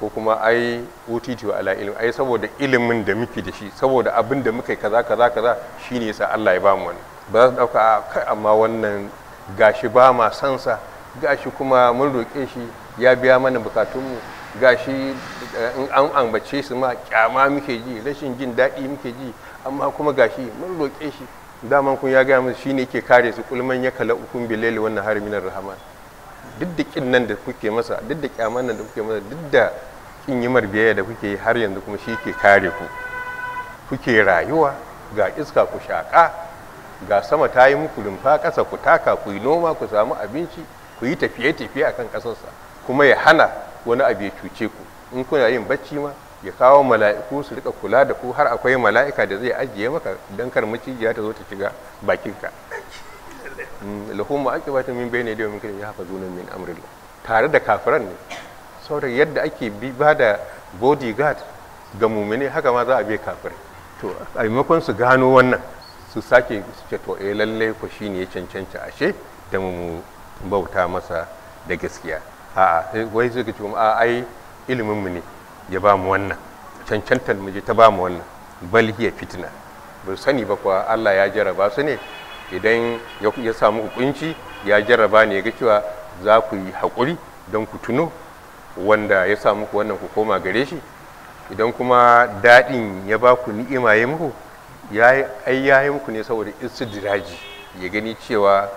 ko kuma ai utitihu ala ilmi ai saboda ilimin da muke da shi saboda abin da muka kaza kaza kaza shine yasa Allah ya bamu wannan ba za su dauka kai amma wannan gashi ba ma sansa gashi kuma mun roƙe shi ya biya mana bukatunmu gashi eh, in an ambace su ma kyama muke ji rashin jin daɗi muke ji amma kuma gashi mun roƙe shi daman kun ya gaya musu ne ke kare su kulman ya kala ukun bilal wannan harminar rahama duk da kin nan da kuke masa duk da kyaman nan da kuke masa duk da kin yimar biyayya da kuke har yanzu kuma shi ke kare ku kuke rayuwa ga iska ku shaƙa ga sama ta yi muku rumfa ƙasa ku taka ku yi noma ku samu abinci ku yi tafiye-tafiye a kan ƙasarsa kuma ya hana wani abu ya cuce ku in kuna yin bacci ma ya kawo mala'iku su rika kula da ku har akwai mala'ika da zai ajiye maka don kar macijiya ta zo ta shiga bakinka mm, ake ma'aqibatu min bayni da min hafa zunan min amrillah tare da kafiran ne saboda yadda ake bi ba da bodyguard ga mumini haka ma za a bi kafir to a maimakon su gano wannan su sake su ce to eh lalle ku shine ya cancanta ashe da mu bauta masa da gaskiya a'a wai zai ga a ai ilimin mu ne ya ba mu wannan cancantar mu je ta ba mu wannan bal hiya fitna ba sani ba kuwa Allah ya jaraba su ne idan ya samu kunci ya jaraba ne ga cewa za ku yi hakuri don ku tuno wanda ya samu ku wannan ku koma gare shi idan kuma daɗin ya ba ku ni'ima ya muku yayi ai yayi muku ne saboda istidiraji ya gani cewa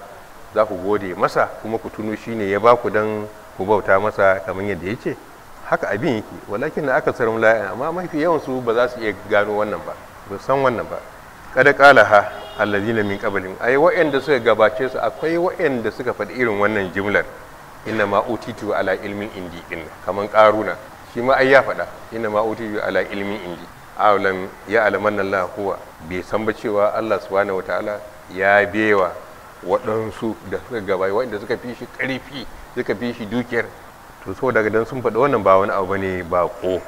za ku gode masa kuma ku tuno shine ya ba ku dan ku bauta masa kamar yadda ya ce haka abin yake walakin na aka sarmu la'ayin amma mafi yawan su ba za su iya gano wannan ba ba san wannan ba kada kala ha allazina min qablin ai wa'anda suka gabace su akwai wa'anda suka faɗi irin wannan jimlar inna ma utitu ala ilmin indi din kaman karuna shi ma ai ya faɗa inna ma utitu ala ilmin indi awalam ya alaman Allah huwa bai san ba cewa Allah subhanahu wataala ya bewa waɗansu da suka gabayi waɗanda suka fi shi ƙarfi suka fi shi dukiyar to so daga dan sun faɗi wannan ba wani abu ne ba ko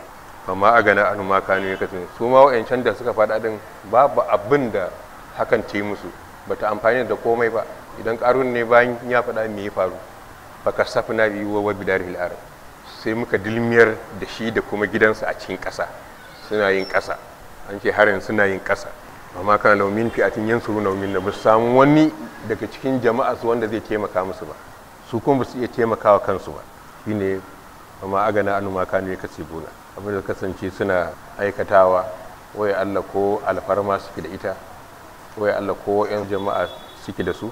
amma a gana an ma kanu ya kasance su ma wa'ancan da suka faɗa din babu abin da hakan ce musu bata amfani da komai ba idan ƙarun ne bayan ya faɗa me ya faru baka safina biyu wa bidaril arab sai muka dilmiyar da shi da kuma gidansa a cikin ƙasa suna yin ƙasa an ce harin suna yin ƙasa amma kana laumin fi'atin yin suru naumin da musu samu wani daga cikin jama'a su wanda zai taimaka musu ba su kuma su iya taimakawa kansu ba shi shine amma agana anu maka ne kace buna abin da kasance suna aikatawa waye Allah ko alfarma suke da ita waye Allah ko yan jama'a suke da su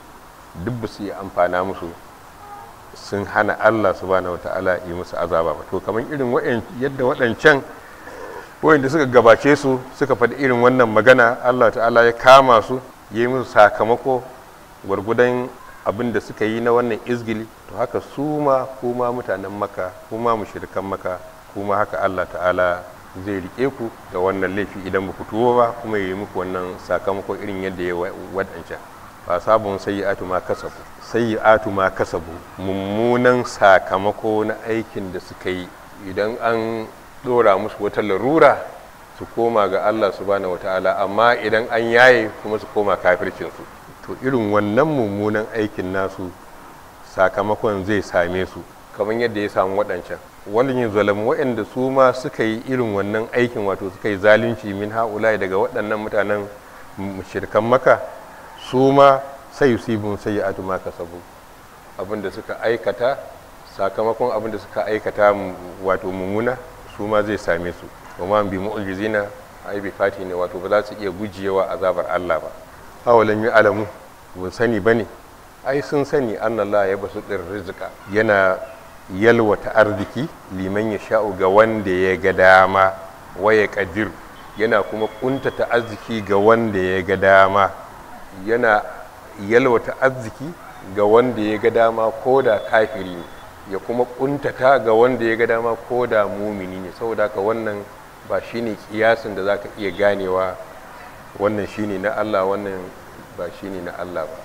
duk ba iya amfana musu sun hana Allah subhanahu wataala yi musu azaba ba to kamar irin yadda waɗancan da suka gabace su suka faɗi irin wannan magana allah ta'ala ya kama su ya yi musu sakamako gwargudan abin da suka yi na wannan izgili to haka su ma kuma mutanen maka kuma mushirikan maka kuma haka allah ta'ala zai rike ku da wannan laifi idan ba ku tuwo ba kuma ya yi muku wannan sakamako irin yadda ya waɗancan ba sabon sayyi'atu ma kasabu sayyi'atu ma kasabu mummunan sakamako na aikin da suka yi idan an dora musu wata larura su koma ga Allah subhanahu ta'ala amma idan an yaye kuma su koma kafircinsu to irin wannan mummunan aikin nasu sakamakon zai same su kamar yadda ya samu waɗancan Wani yin zalamu waɗanda su ma suka yi irin wannan aikin wato suka yi zalunci min ha'ulai daga waɗannan mutanen shirkan maka su ma sai yusibun sai ya ka sabu abinda suka aikata sakamakon abinda suka aikata wato mummuna su ma zai same su kuma bi mu'jizina ai bi fati ne wato ba za su iya gujewa azabar Allah ba hawalan yi alamu ba sani bane ai sun sani annallah ya basu din rizqa yana yalwata arziki liman ya sha'u ga wanda ya ga dama waya kadir yana kuma kuntata arziki ga wanda ya ga dama yana yalwata arziki ga wanda ya ga dama ko da kafiri ne ya kuma kuntata ga wanda ya ga dama ko da mumini ne saboda ka wannan ba shine kiyasin da zaka iya ganewa wannan shine na Allah wannan ba shine na Allah ba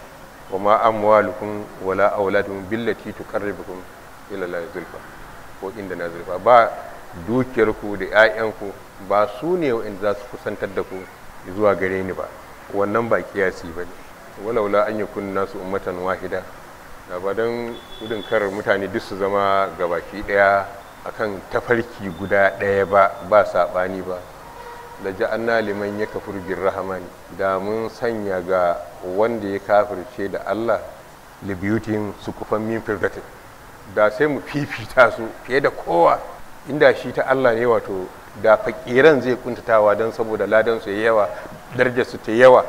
wama amwalukum wala auladukum billati tuqarribukum ila Allah zurfa ko inda na zulfa ba dukiyarku da 'ya'yanku ba su ne wa'in za su kusantar da ku zuwa gare ni ba wannan ba kiyasi ba ne walaula an yakun nasu ummatan wahida ba don gudun kar mutane duk su zama gabaki daya akan tafarki guda daya ba ba sabani ba da an liman ya kafir bin rahman da mun sanya ga wanda ya kafirce da Allah libyutin su kufan min firgatin da sai mu fifita su fiye da kowa inda shi ta Allah ne wato da fakiran zai kuntatawa don saboda Ladansu ya yawa darajar ta yawa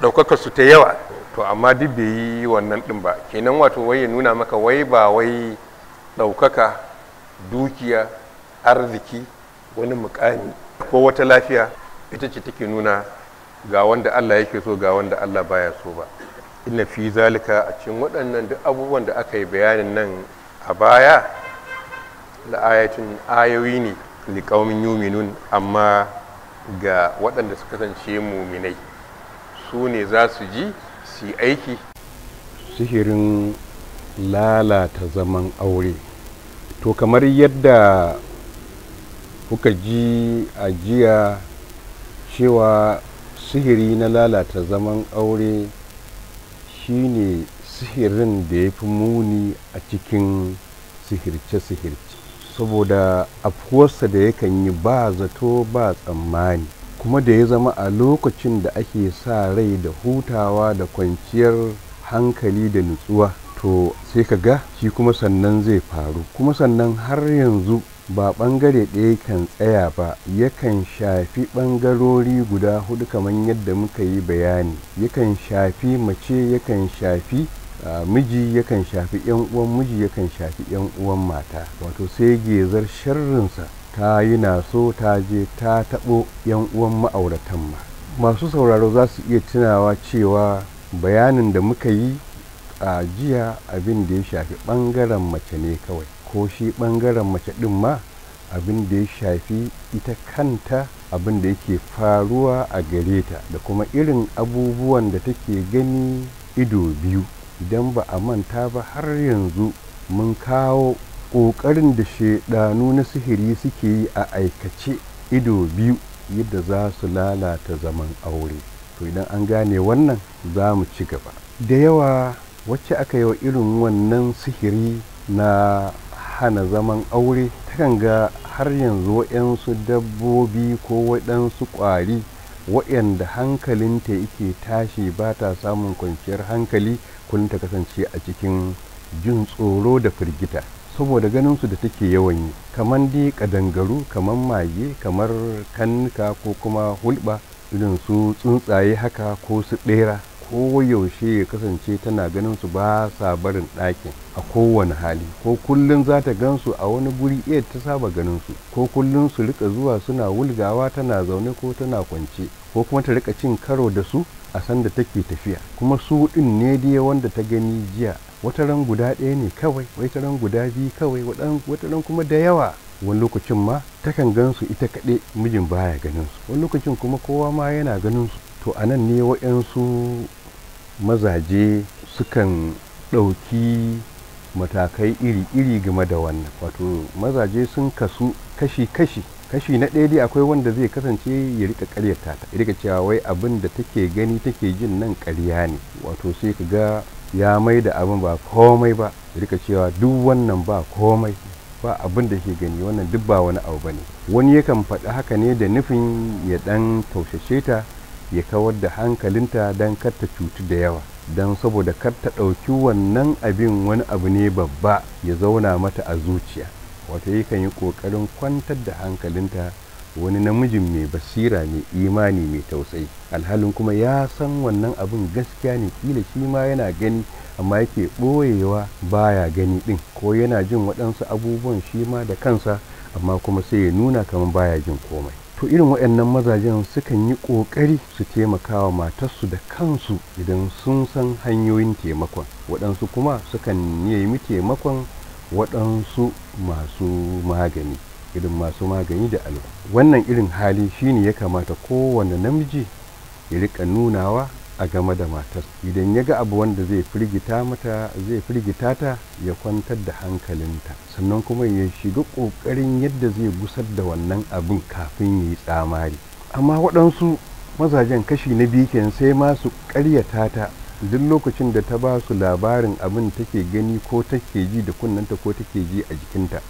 ɗaukaka su ta yawa to amma duk bai yi wannan ɗin ba kenan wato wai ya nuna maka wai ba wai ɗaukaka dukiya arziki wani mukami ko wata lafiya ita ce take nuna ga wanda Allah yake so ga wanda Allah baya so ba ina fi zalika a cikin waɗannan duk abubuwan da aka yi bayanin nan a baya ayatun ayoyi ne liƙaumin yuminun amma ga waɗanda su kasance muminai su ne za su ji su aiki sihirin lalata zaman aure to kamar yadda kuka ji a jiya cewa sihiri na lalata zaman aure shine sihirin da ya fi muni a cikin sihirce-sihirce saboda afuwarsa da yakan yi ba zato ba tsammani kuma da ya zama a lokacin da ake sa rai da hutawa da kwanciyar hankali da nutsuwa to sai ka ga shi kuma sannan zai faru kuma sannan har yanzu ba ɓangare ɗaya kan tsaya ba yakan shafi ɓangarori guda hudu kamar yadda muka yi bayani yakan shafi mace yakan shafi Uh, miji yakan shafi yan uwan miji yakan shafi yan uwan mata wato sai gezar sharrinsa ta yi na so ta je ta taɓo 'yan uwan ma'auratan ma masu sauraro za su iya tunawa cewa bayanin da muka yi a jiya abin da ya shafi ɓangaren mace ne kawai ko shi ɓangaren mace ɗin ma abin da ya shafi ita kanta abin da yake faruwa a gare ta da kuma irin abubuwan da take gani ido biyu idan ba a manta ba har yanzu mun kawo ƙoƙarin da shaidanu na sihiri suke yi a aikace ido biyu yadda za su lalata zaman aure to idan an gane wannan za mu ci gaba da yawa wacce aka yi wa irin wannan sihiri na hana zaman aure takan ga har yanzu wa'yansu dabbobi ko waɗansu ƙwari waɗanda hankalinta yake tashi ba ta samun kwanciyar hankali kullum ta kasance a cikin jin tsoro da firgita saboda ganin su da take yawan yi kamar dai kadangaru kamar mage kamar kannuka ko kuma hulɓa irin su tsuntsaye haka ko su ɗera ko yaushe ya kasance tana ganin su ba sa barin ɗakin a kowane hali ko kullum za ta gan su a wani guri iya ta saba ganin su ko kullum su rika zuwa suna wulgawa tana zaune ko tana kwance ko kuma ta rika cin karo da su a sanda take tafiya kuma su din ne dai wanda ta gani jiya wata ran guda ɗaya ne kawai wata ran guda biyu kawai wata ran kuma da yawa wani lokacin ma takan gan su ita kaɗai mijin baya ganin su wani lokacin kuma kowa ma yana ganin su to a nan ne waɗansu mazaje sukan ɗauki matakai iri-iri game da wannan wato mazaje sun kasu kashi-kashi kashi na ɗaya dai akwai wanda zai kasance ya rika ƙaryata ta ya rika cewa wai abin da take gani take jin nan ƙarya ne wato sai ka ga ya mai da abin ba komai ba rika cewa duk wannan ba komai ba abin da ke gani wannan duk ba wani abu bane wani yakan faɗi haka ne da nufin ya ɗan taushe ta ya kawar da hankalinta don karta cutu da yawa don saboda kar ta ɗauki wannan abin wani abu ne babba ya zauna mata a zuciya wata yakan yi ƙoƙarin kwantar da hankalinta wani namijin mai basira mai imani mai tausayi alhalin kuma ya san wannan abin gaskiya ne kila shi ma yana gani amma yake ɓoyewa baya gani ɗin ko yana jin waɗansu abubuwan shi ma da kansa amma kuma sai ya nuna kamar baya jin komai to irin waɗannan mazajen sukan yi ƙoƙari su taimakawa matarsu da kansu idan sun san hanyoyin taimakon waɗansu kuma sukan nemi taimakon waɗansu masu magani irin masu magani da alu wannan irin hali shine ya kamata kowane namiji ya rika nunawa a game da matar idan ya ga abu wanda zai firgita mata zai firgita ta ya kwantar da hankalinta sannan kuma ya shiga ƙoƙarin yadda zai gusar da wannan abin kafin ya yi tsamari amma waɗansu mazajen kashi na biyu kenan sai ma su ƙaryata duk lokacin da ta ba su labarin abin take gani ko take ji da kunnanta ko take ji a jikinta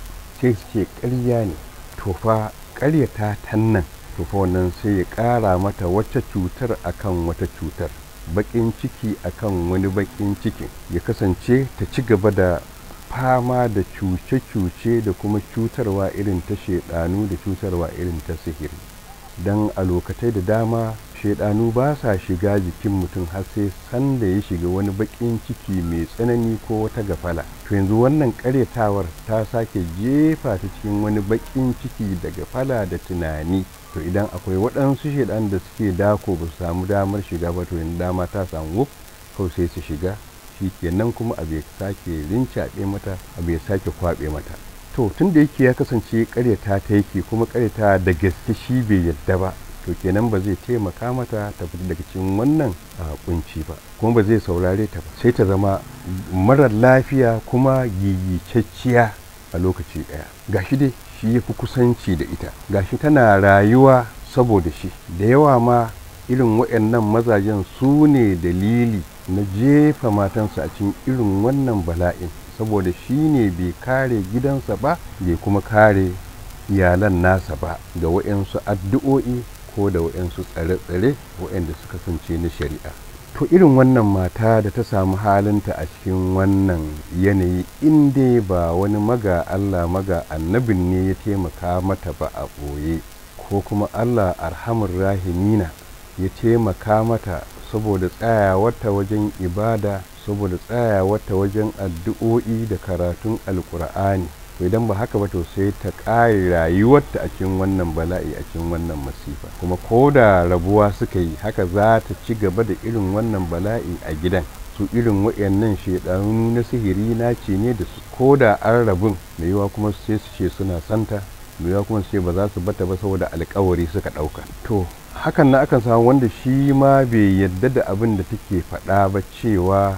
sai su ƙarya ne tofa ƙaryata tannan to fa wannan sai ya ƙara mata wata cutar akan wata cutar baƙin ciki akan wani baƙin ciki ya kasance ta ci gaba da fama da cuce-cuce da kuma cutarwa irin ta shaidanu da cutarwa irin ta sihiri don a lokatai da dama shaidanu ba sa shiga jikin mutum har sai sanda ya shiga wani baƙin ciki mai tsanani ko wata gafala to yanzu wannan ƙaryatawar ta sake jefa ta cikin wani baƙin ciki da gafala da tunani to idan akwai waɗansu shaidan da suke dako ba su samu damar shiga ba to yanzu dama ta samu wuf kau sai su shiga shi kenan kuma a bai sake rincaɓe mata a bai sake kwaɓe mata to tun da yake ya kasance karyata ta yake kuma karyata da gaske shi bai yadda ba to kenan ba zai taimaka mata ta fita daga cikin wannan kunci ba kuma ba zai saurare ta ba sai ta zama mara lafiya kuma gigicacciya a lokaci daya gashi dai shi ya fi kusanci da ita gashi tana rayuwa saboda shi da yawa ma irin waɗannan mazajen su ne dalili na jefa matansa a cikin irin wannan bala'in saboda shi ne bai kare gidansa ba bai kuma kare iyalan nasa ba ga waɗansu addu'o'i ko da waɗansu tsare-tsare waɗanda suka kasance na shari'a to irin wannan mata da ta samu halinta a cikin wannan yanayi inda ba wani maga allah maga annabin ne ya taimaka mata ba a ɓoye ko kuma allah arhamun rahimina ya taimaka mata saboda tsayawarta wajen ibada saboda tsayawarta wajen addu'o'i da karatun alkur'ani to idan ba haka ba to sai ta ƙare rayuwarta a cikin wannan bala'i a cikin wannan masifa kuma ko da rabuwa suka yi haka za ta ci gaba da irin wannan bala'i a gidan su irin wayannan shaidanu na sihiri na ce ne da su ko da an rabun mai yiwa kuma sai su ce suna santa mai kuma su ce ba za su bata ba saboda alkawari suka ɗauka to hakan na akan samu wanda shi ma bai yadda da abin da take faɗa ba cewa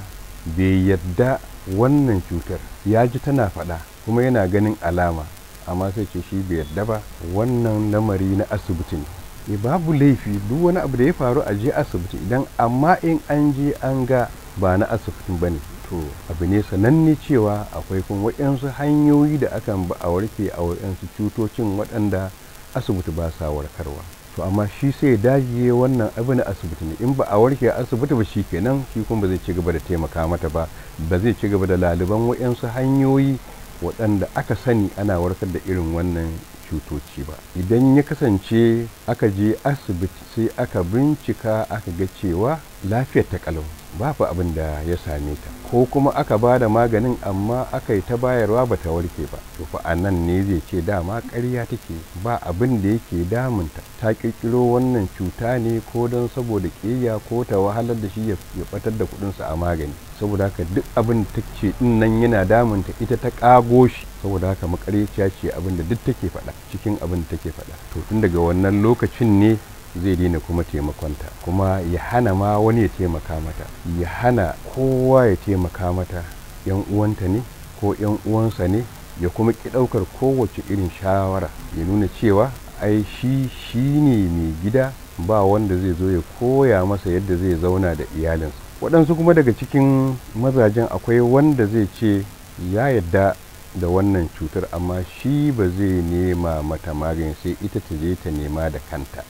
bai yadda wannan cutar ya ji tana faɗa kuma yana ganin alama amma sai ce shi bai yarda ba wannan lamari na asibiti ne E, babu laifi duk wani abu da ya faru a je asibiti idan amma in an je an ga ba na asibitin ba ne to abu ne sananne cewa akwai kun waɗansu hanyoyi da akan ba a warke a waɗansu cutocin waɗanda asibiti ba sa warkarwa to amma shi sai dajiye wannan abu na asibiti ne in ba a warke a asibiti ba shi kenan shi kuma ba zai ci gaba da taimaka mata ba ba zai ci gaba da laliban waɗansu hanyoyi waɗanda aka sani ana warkar da irin wannan cutoci ba idan ya kasance aka je asibiti sai aka bincika aka ga cewa lafiyar ta kalau babu abin da ya same ta ko kuma aka ba da maganin amma aka yi ta bayarwa ba ta warke ba to fa a nan ne zai ce dama ƙarya take ba abin da yake damunta ta ƙirƙiro wannan cuta ne ko don saboda ƙiyya ko ta wahalar da shi ya batar da kuɗinsa a magani saboda haka duk abin da take din nan yana damunta ita ta ƙago shi saboda haka makaryaciya ce abin da duk take faɗa cikin abin da take faɗa to tun daga wannan lokacin ne zai daina kuma taimakonta kuma ya hana ma wani ya taimaka mata ya hana kowa ya taimaka mata yan uwanta ne ko yan uwansa ne ya kuma ki ɗaukar kowace irin shawara ya nuna cewa ai shi shi ne mai gida ba wanda zai zo ya koya masa yadda zai zauna da iyalinsa waɗansu kuma daga cikin mazajen akwai wanda zai ce ya yadda da wannan cutar amma shi ba zai nema mata magani sai ita ta je ta nema da kanta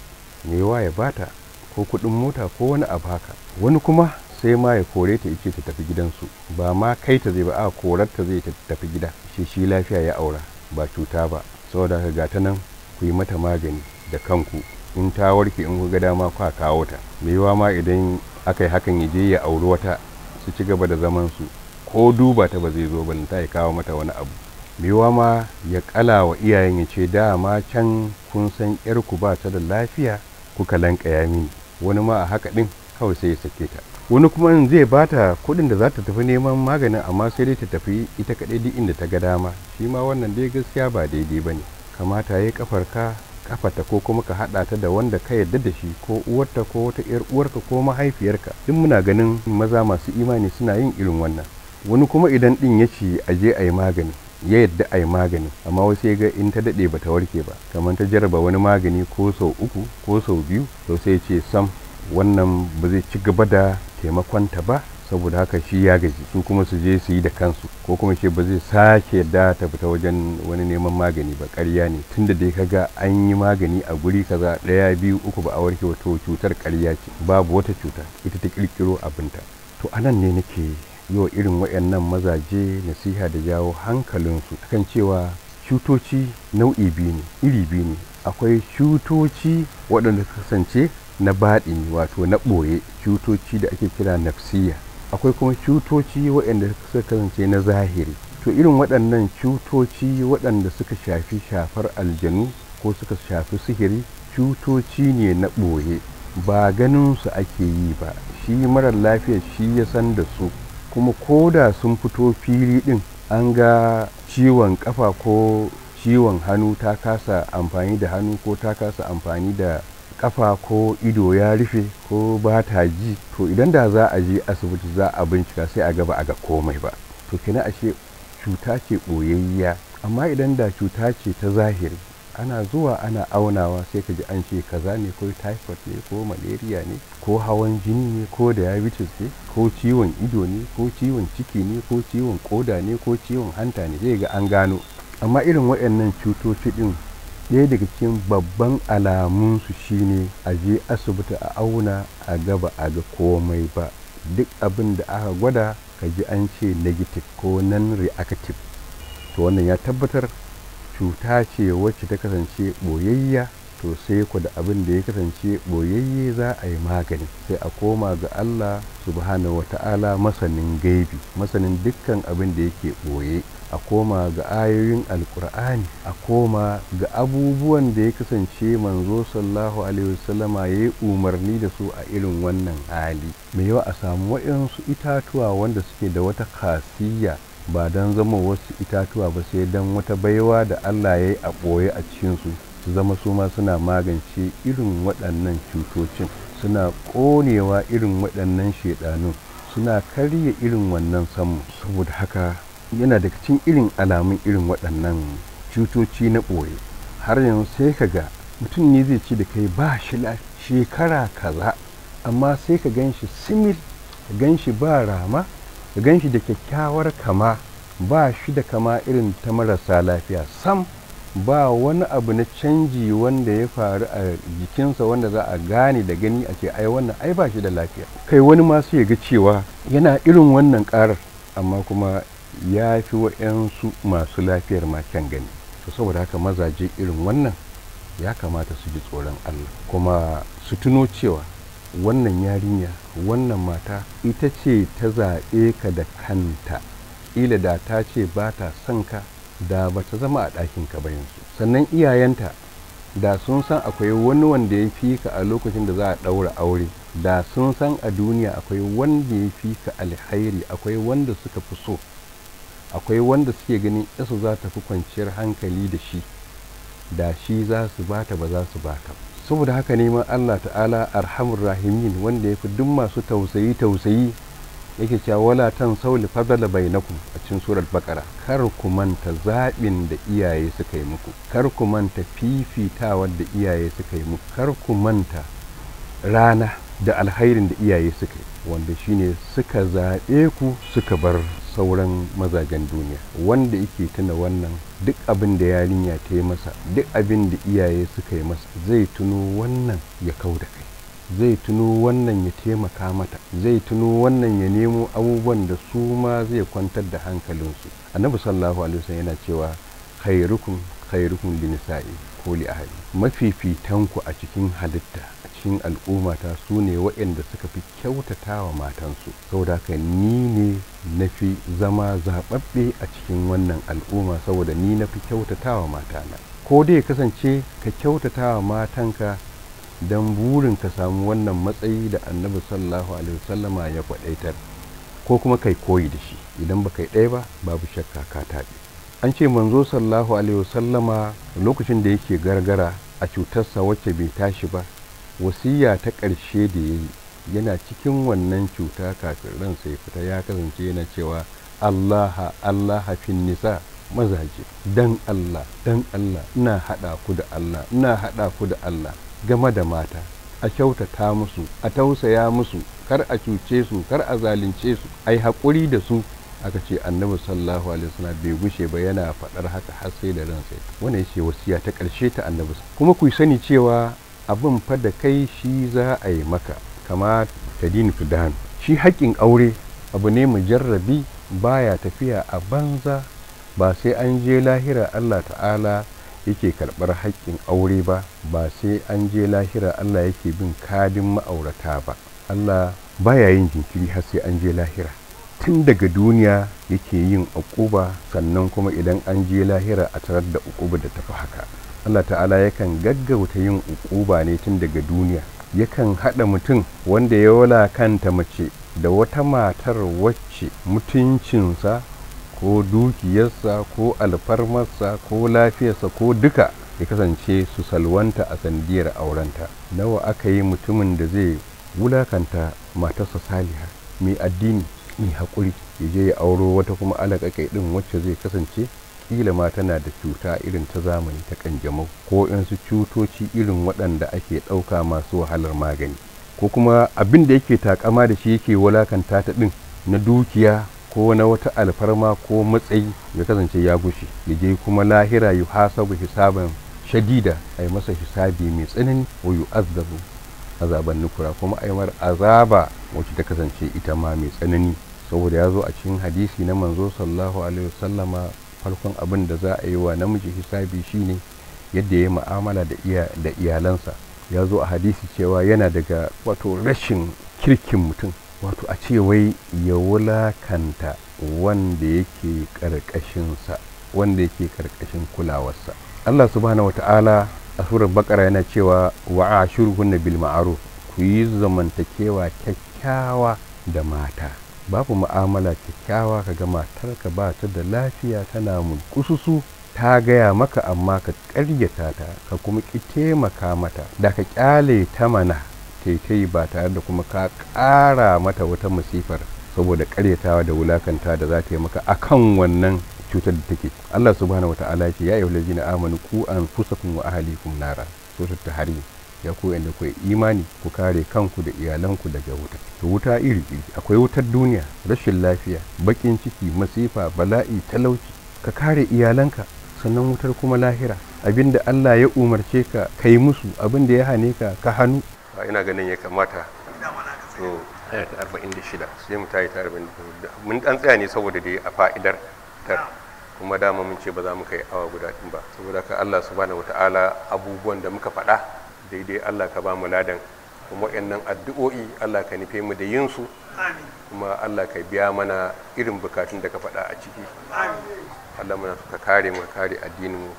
yawa ya bata ko kuɗin mota ko wani abu haka wani kuma sai ma ya kore ta ice ta tafi gidansu ba ma kai ta zai ba a korar ta zai tafi gida shi shi lafiya ya aura ba cuta ba saboda haka ga ta nan ku yi mata magani da kanku in ta warke in ga dama kwa kawo ta mai ma idan aka yi hakan ya je ya auri wata su ci gaba da zaman su ko duba ta ba zai zo ba ta ya kawo mata wani abu mewa ma ya kala wa iyayen ya ce dama can kun san yarku ba ta da lafiya kuka ya mini wani ma a haka din kawai sai ya sake ta wani kuma zai bata kuɗin da za ta tafi neman maganin amma sai dai ta tafi ita kaɗai duk inda ta ga dama shi ma wannan dai gaskiya ba daidai ba ne kamata ya yi kafar ka kafata ko kuma ka haɗa ta da wanda ka yadda da shi ko uwarta ko wata yar uwarka ko mahaifiyarka duk muna ganin maza masu imani suna yin irin wannan wani kuma idan ɗin ya ce je a yi magani ya yadda a yi magani amma wasu ya ga in ta daɗe ba ta warke ba kamar ta jarraba wani magani ko sau uku ko sau biyu to sai ce sam wannan ba zai ci gaba da taimakonta ba saboda haka shi ya gaji su kuma su je su yi da kansu ko kuma ce ba zai sake da ta fita wajen wani neman magani ba karya ne tunda dai kaga an yi magani a guri kaza ɗaya biyu uku ba a warke wato cutar karya ce babu wata cuta ita ta ƙirƙiro abinta to anan ne nake yi wa irin waɗannan mazaje nasiha da jawo hankalinsu kan cewa cutoci nau'i biyu ne iri biyu ne akwai cutoci waɗanda kasance na ne, wato na ɓoye cutoci da ake kira nafsiya akwai kuma cutoci waɗanda suka kasance na zahiri to irin waɗannan cutoci waɗanda suka shafi shafar aljanu ko suka shafi sihiri cutoci ne na ɓoye ba ganin su ake yi ba shi marar lafiya shi ya san da su kuma ko da sun fito fili din an ga ciwon kafa ko ciwon hannu ta kasa amfani da hannu ko ta kasa amfani da kafa ko ido ya rufe ko ba ta ji to idan da za a je asibiti za a bincika sai a gaba a ga komai ba to kina ashe cuta ce ɓoyayya amma idan da cuta ce ta zahiri ana zuwa ana aunawa sai ka ji an ce kaza ne ko typhoid ne ko malaria ne ko hawan jini ne ko diabetes ne ko ciwon ido ne ko ciwon ciki ne ko ciwon koda ne ko ciwon hanta ne zai ga an gano amma irin waɗannan cutoci din ɗaya daga cikin babban alamunsu shine a je asibiti a auna a gaba a ga komai ba duk abin da aka gwada ka ji an ce negative ko nan reactive to wannan ya tabbatar cuta ce wacce ta kasance ɓoyayya to sai ku da abin da ya kasance ɓoyayye za a yi magani sai a koma ga Allah subhanahu wata'ala masanin gaibi masanin dukkan abin da yake ɓoye a koma ga ayoyin alkur'ani a koma ga abubuwan da ya kasance manzo sallahu alaihi wasallama ya yi umarni da su a irin wannan hali mai yawa a samu wayansu itatuwa wanda suke da wata kasiyya ba don zama wasu itatuwa ba sai don wata baiwa da Allah ya yi a ɓoye a cikinsu su zama su ma suna magance irin waɗannan cutocin suna ƙonewa irin waɗannan shaiɗanun suna karya irin wannan samu saboda haka yana da cin irin alamun irin waɗannan cutoci na ɓoye har yanzu sai ka ga mutum ne zai ci da kai ba shi shekara kaza amma sai ka gan shi simil ka gan shi ba rama ka gan shi da kyakkyawar kama ba shi da kama irin ta marasa lafiya sam ba wani abu na canji wanda ya faru a jikinsa wanda za a gane da gani a ce ai wannan ai ba shi da lafiya kai wani masu ya ga cewa yana irin wannan karar amma kuma ya fi wa'yansu masu lafiyar ma kyan gani to saboda haka mazaje irin wannan ya kamata su ji tsoron allah kuma su tuno cewa wannan yarinya wannan mata ita ce ta zaɓe ka da kanta ila da ta ce ba ta son ka da ba ta zama a ɗakinka ba yanzu sannan iyayenta da sun san akwai wani wanda ya fi ka a lokacin da za a ɗaura aure da sun san a duniya akwai wanda ya fi ka alhairi akwai wanda suka fi so akwai wanda suke ganin yasu za ta fi kwanciyar hankali da shi da shi za su bata ba za su baka ba saboda haka ne ma Allah ta'ala arhamur rahimin wanda ya fi duk masu tausayi tausayi yake cewa wala tan sauli fadala bainakum a cikin surar bakara kar ku manta zaɓin da iyaye suka yi muku kar ku manta fifitawa da iyaye suka yi muku kar ku manta rana da alhairin da iyaye suka yi wanda shine suka zaɓe ku suka bar sauran mazajen duniya wanda yake tuna wannan duk abin da yarinya ta yi masa duk abin da iyaye suka yi masa zai tuno wannan ya kau da kai zai tuno wannan ya taimaka mata zai tuno wannan ya nemo abubuwan da su ma zai kwantar da hankalinsu annabi sallallahu alaihi wasallam yana cewa khairukum khairukum linisa'i koli ko li ahli mafifitanku a cikin halitta cikin al'ummata su ne waɗanda suka fi kyautata wa matansu saboda haka ni ne na fi zama zaɓaɓɓe a cikin wannan al'umma saboda ni na fi kyautata wa matana ko dai kasance ka kyautata wa matanka don burin ka samu wannan matsayi da annabi sallallahu alaihi wasallama ya faɗaitar ko kuma kai koyi da shi idan ba kai ɗaya ba babu shakka ka taɓe an ce manzo sallallahu alaihi wasallama lokacin da yake gargara a cutarsa wacce bai tashi ba wasiya ta ƙarshe da ya yi yana cikin wannan cuta kafin ran sai fita ya kasance yana cewa allaha allaha fin nisa mazaje dan allah dan allah ina haɗa ku da allah ina haɗa ku da allah game da mata a kyautata musu a tausaya musu kar a cuce su kar a zalunce su a yi haƙuri da su aka ce annabi sallallahu alaihi wasallam bai gushe ba yana faɗar haka har sai da ransa wannan ce wasiya ta ƙarshe ta annabi kuma ku sani cewa abin fa da kai shi za a yi maka kama ta dini fidan shi haƙƙin aure abu ne mu mujarrabi baya tafiya a banza ba sai an je lahira Allah ta'ala yake karɓar haƙƙin aure ba ba sai an je lahira Allah yake bin kadin ma'aurata ba Allah baya yin jinkiri har sai an je lahira tun daga duniya yake yin uquba sannan kuma idan an je lahira a tarar da uquba da tafi haka Allah ta'ala yakan gaggauta yin ukuba ne tun daga duniya yakan haɗa mutum wanda ya walakanta mace da wata matar wacce mutuncinsa ko dukiyarsa ko alfarmarsa ko lafiyarsa ko duka ya kasance su salwanta a sandiyar aurenta nawa aka yi mutumin da zai wulakanta matarsa saliha mai addini mai haƙuri ya je ya auro wata kuma alaƙaƙai ɗin wacce zai kasance watakila ma tana da cuta irin ta zamani ta kanjamau ko su cutoci irin waɗanda ake ɗauka masu wahalar magani ko kuma abin da yake takama da shi yake walakanta ta ɗin na dukiya ko na wata alfarma ko matsayi ya kasance ya gushe ya je kuma lahira yu hasabu hisaban shadida ai masa hisabi mai tsanani ko yi azabu azaban nukura kuma ai mar azaba wacce ta kasance ita ma mai tsanani saboda ya zo a cikin hadisi na manzo sallallahu alaihi wasallama farkon abin da za a yi wa namiji hisabi shine yadda ya yi mu'amala da iyalansa ya zo a hadisi cewa yana daga wato rashin kirkin mutum wato a ce wai ya wulakanta wanda yake karkashinsa wanda yake karkashin kulawarsa Allah subhanahu wata'ala a surar bakara yana cewa wa ashiruhunna bil bilma'aru, ku yi zamantakewa kyakkyawa da mata babu mu'amala kyakkyawa ka ga matarka ba ta da lafiya tana kususu ta gaya maka amma ka ƙaryata ta ka kuma ki taimaka mata da ka ƙyale ta mana taitai ba tare da kuma ka ƙara mata wata masifar saboda ƙaryatawa da wulakanta da za ta yi maka akan wannan cutar da take Allah subhanahu ta'ala ya ce ya amanu ku an anfusakum wa ahlikum nara ta hari ya ku yadda ku imani ku kare kanku da iyalanku daga wuta to wuta iri iri akwai wutar duniya rashin lafiya bakin ciki masifa bala'i talauci ka kare iyalanka sannan wutar kuma lahira abinda Allah ya umarce ka kai musu abinda ya hane ka ka hannu ina ganin ya kamata to ta 46 sai mu tayi ta mun dan tsaya ne saboda dai a fa'idar ta kuma dama mun ce ba za mu kai awa guda ɗin ba saboda ka Allah subhanahu wataala abubuwan da muka faɗa daidai Allah ka ba mu ladan kuma waɗannan addu'o'i Allah ka nufe mu da yin su kuma Allah ka biya mana irin bukatun da ka faɗa a ciki Allah mana ka kare mu kare addinin mu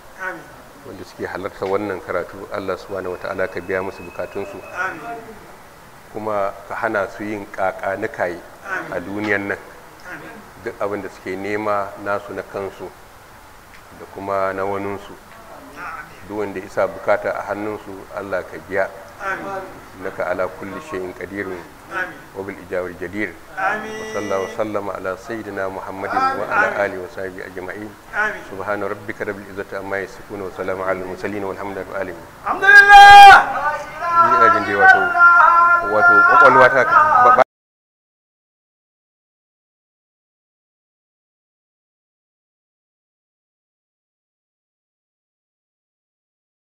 wanda suke halarta wannan karatu Allah subhanahu wata'ala ka biya musu bukatun su kuma ka hana su yin kaka na kai a duniyan nan duk abin da suke nema nasu na kansu da kuma na waninsu duk wanda isa bukata a hannunsu Allah ka biya naka ala kulli shay'in qadirun wa bil ijabati jadir sallallahu sallama ala sayyidina muhammadin wa ala alihi wa sahbihi ajma'in subhana rabbika rabbil izzati amma yasifun wa salamun alal mursalin walhamdulillahi alamin alhamdulillah ni ajin dai wato wato kwakwalwa ta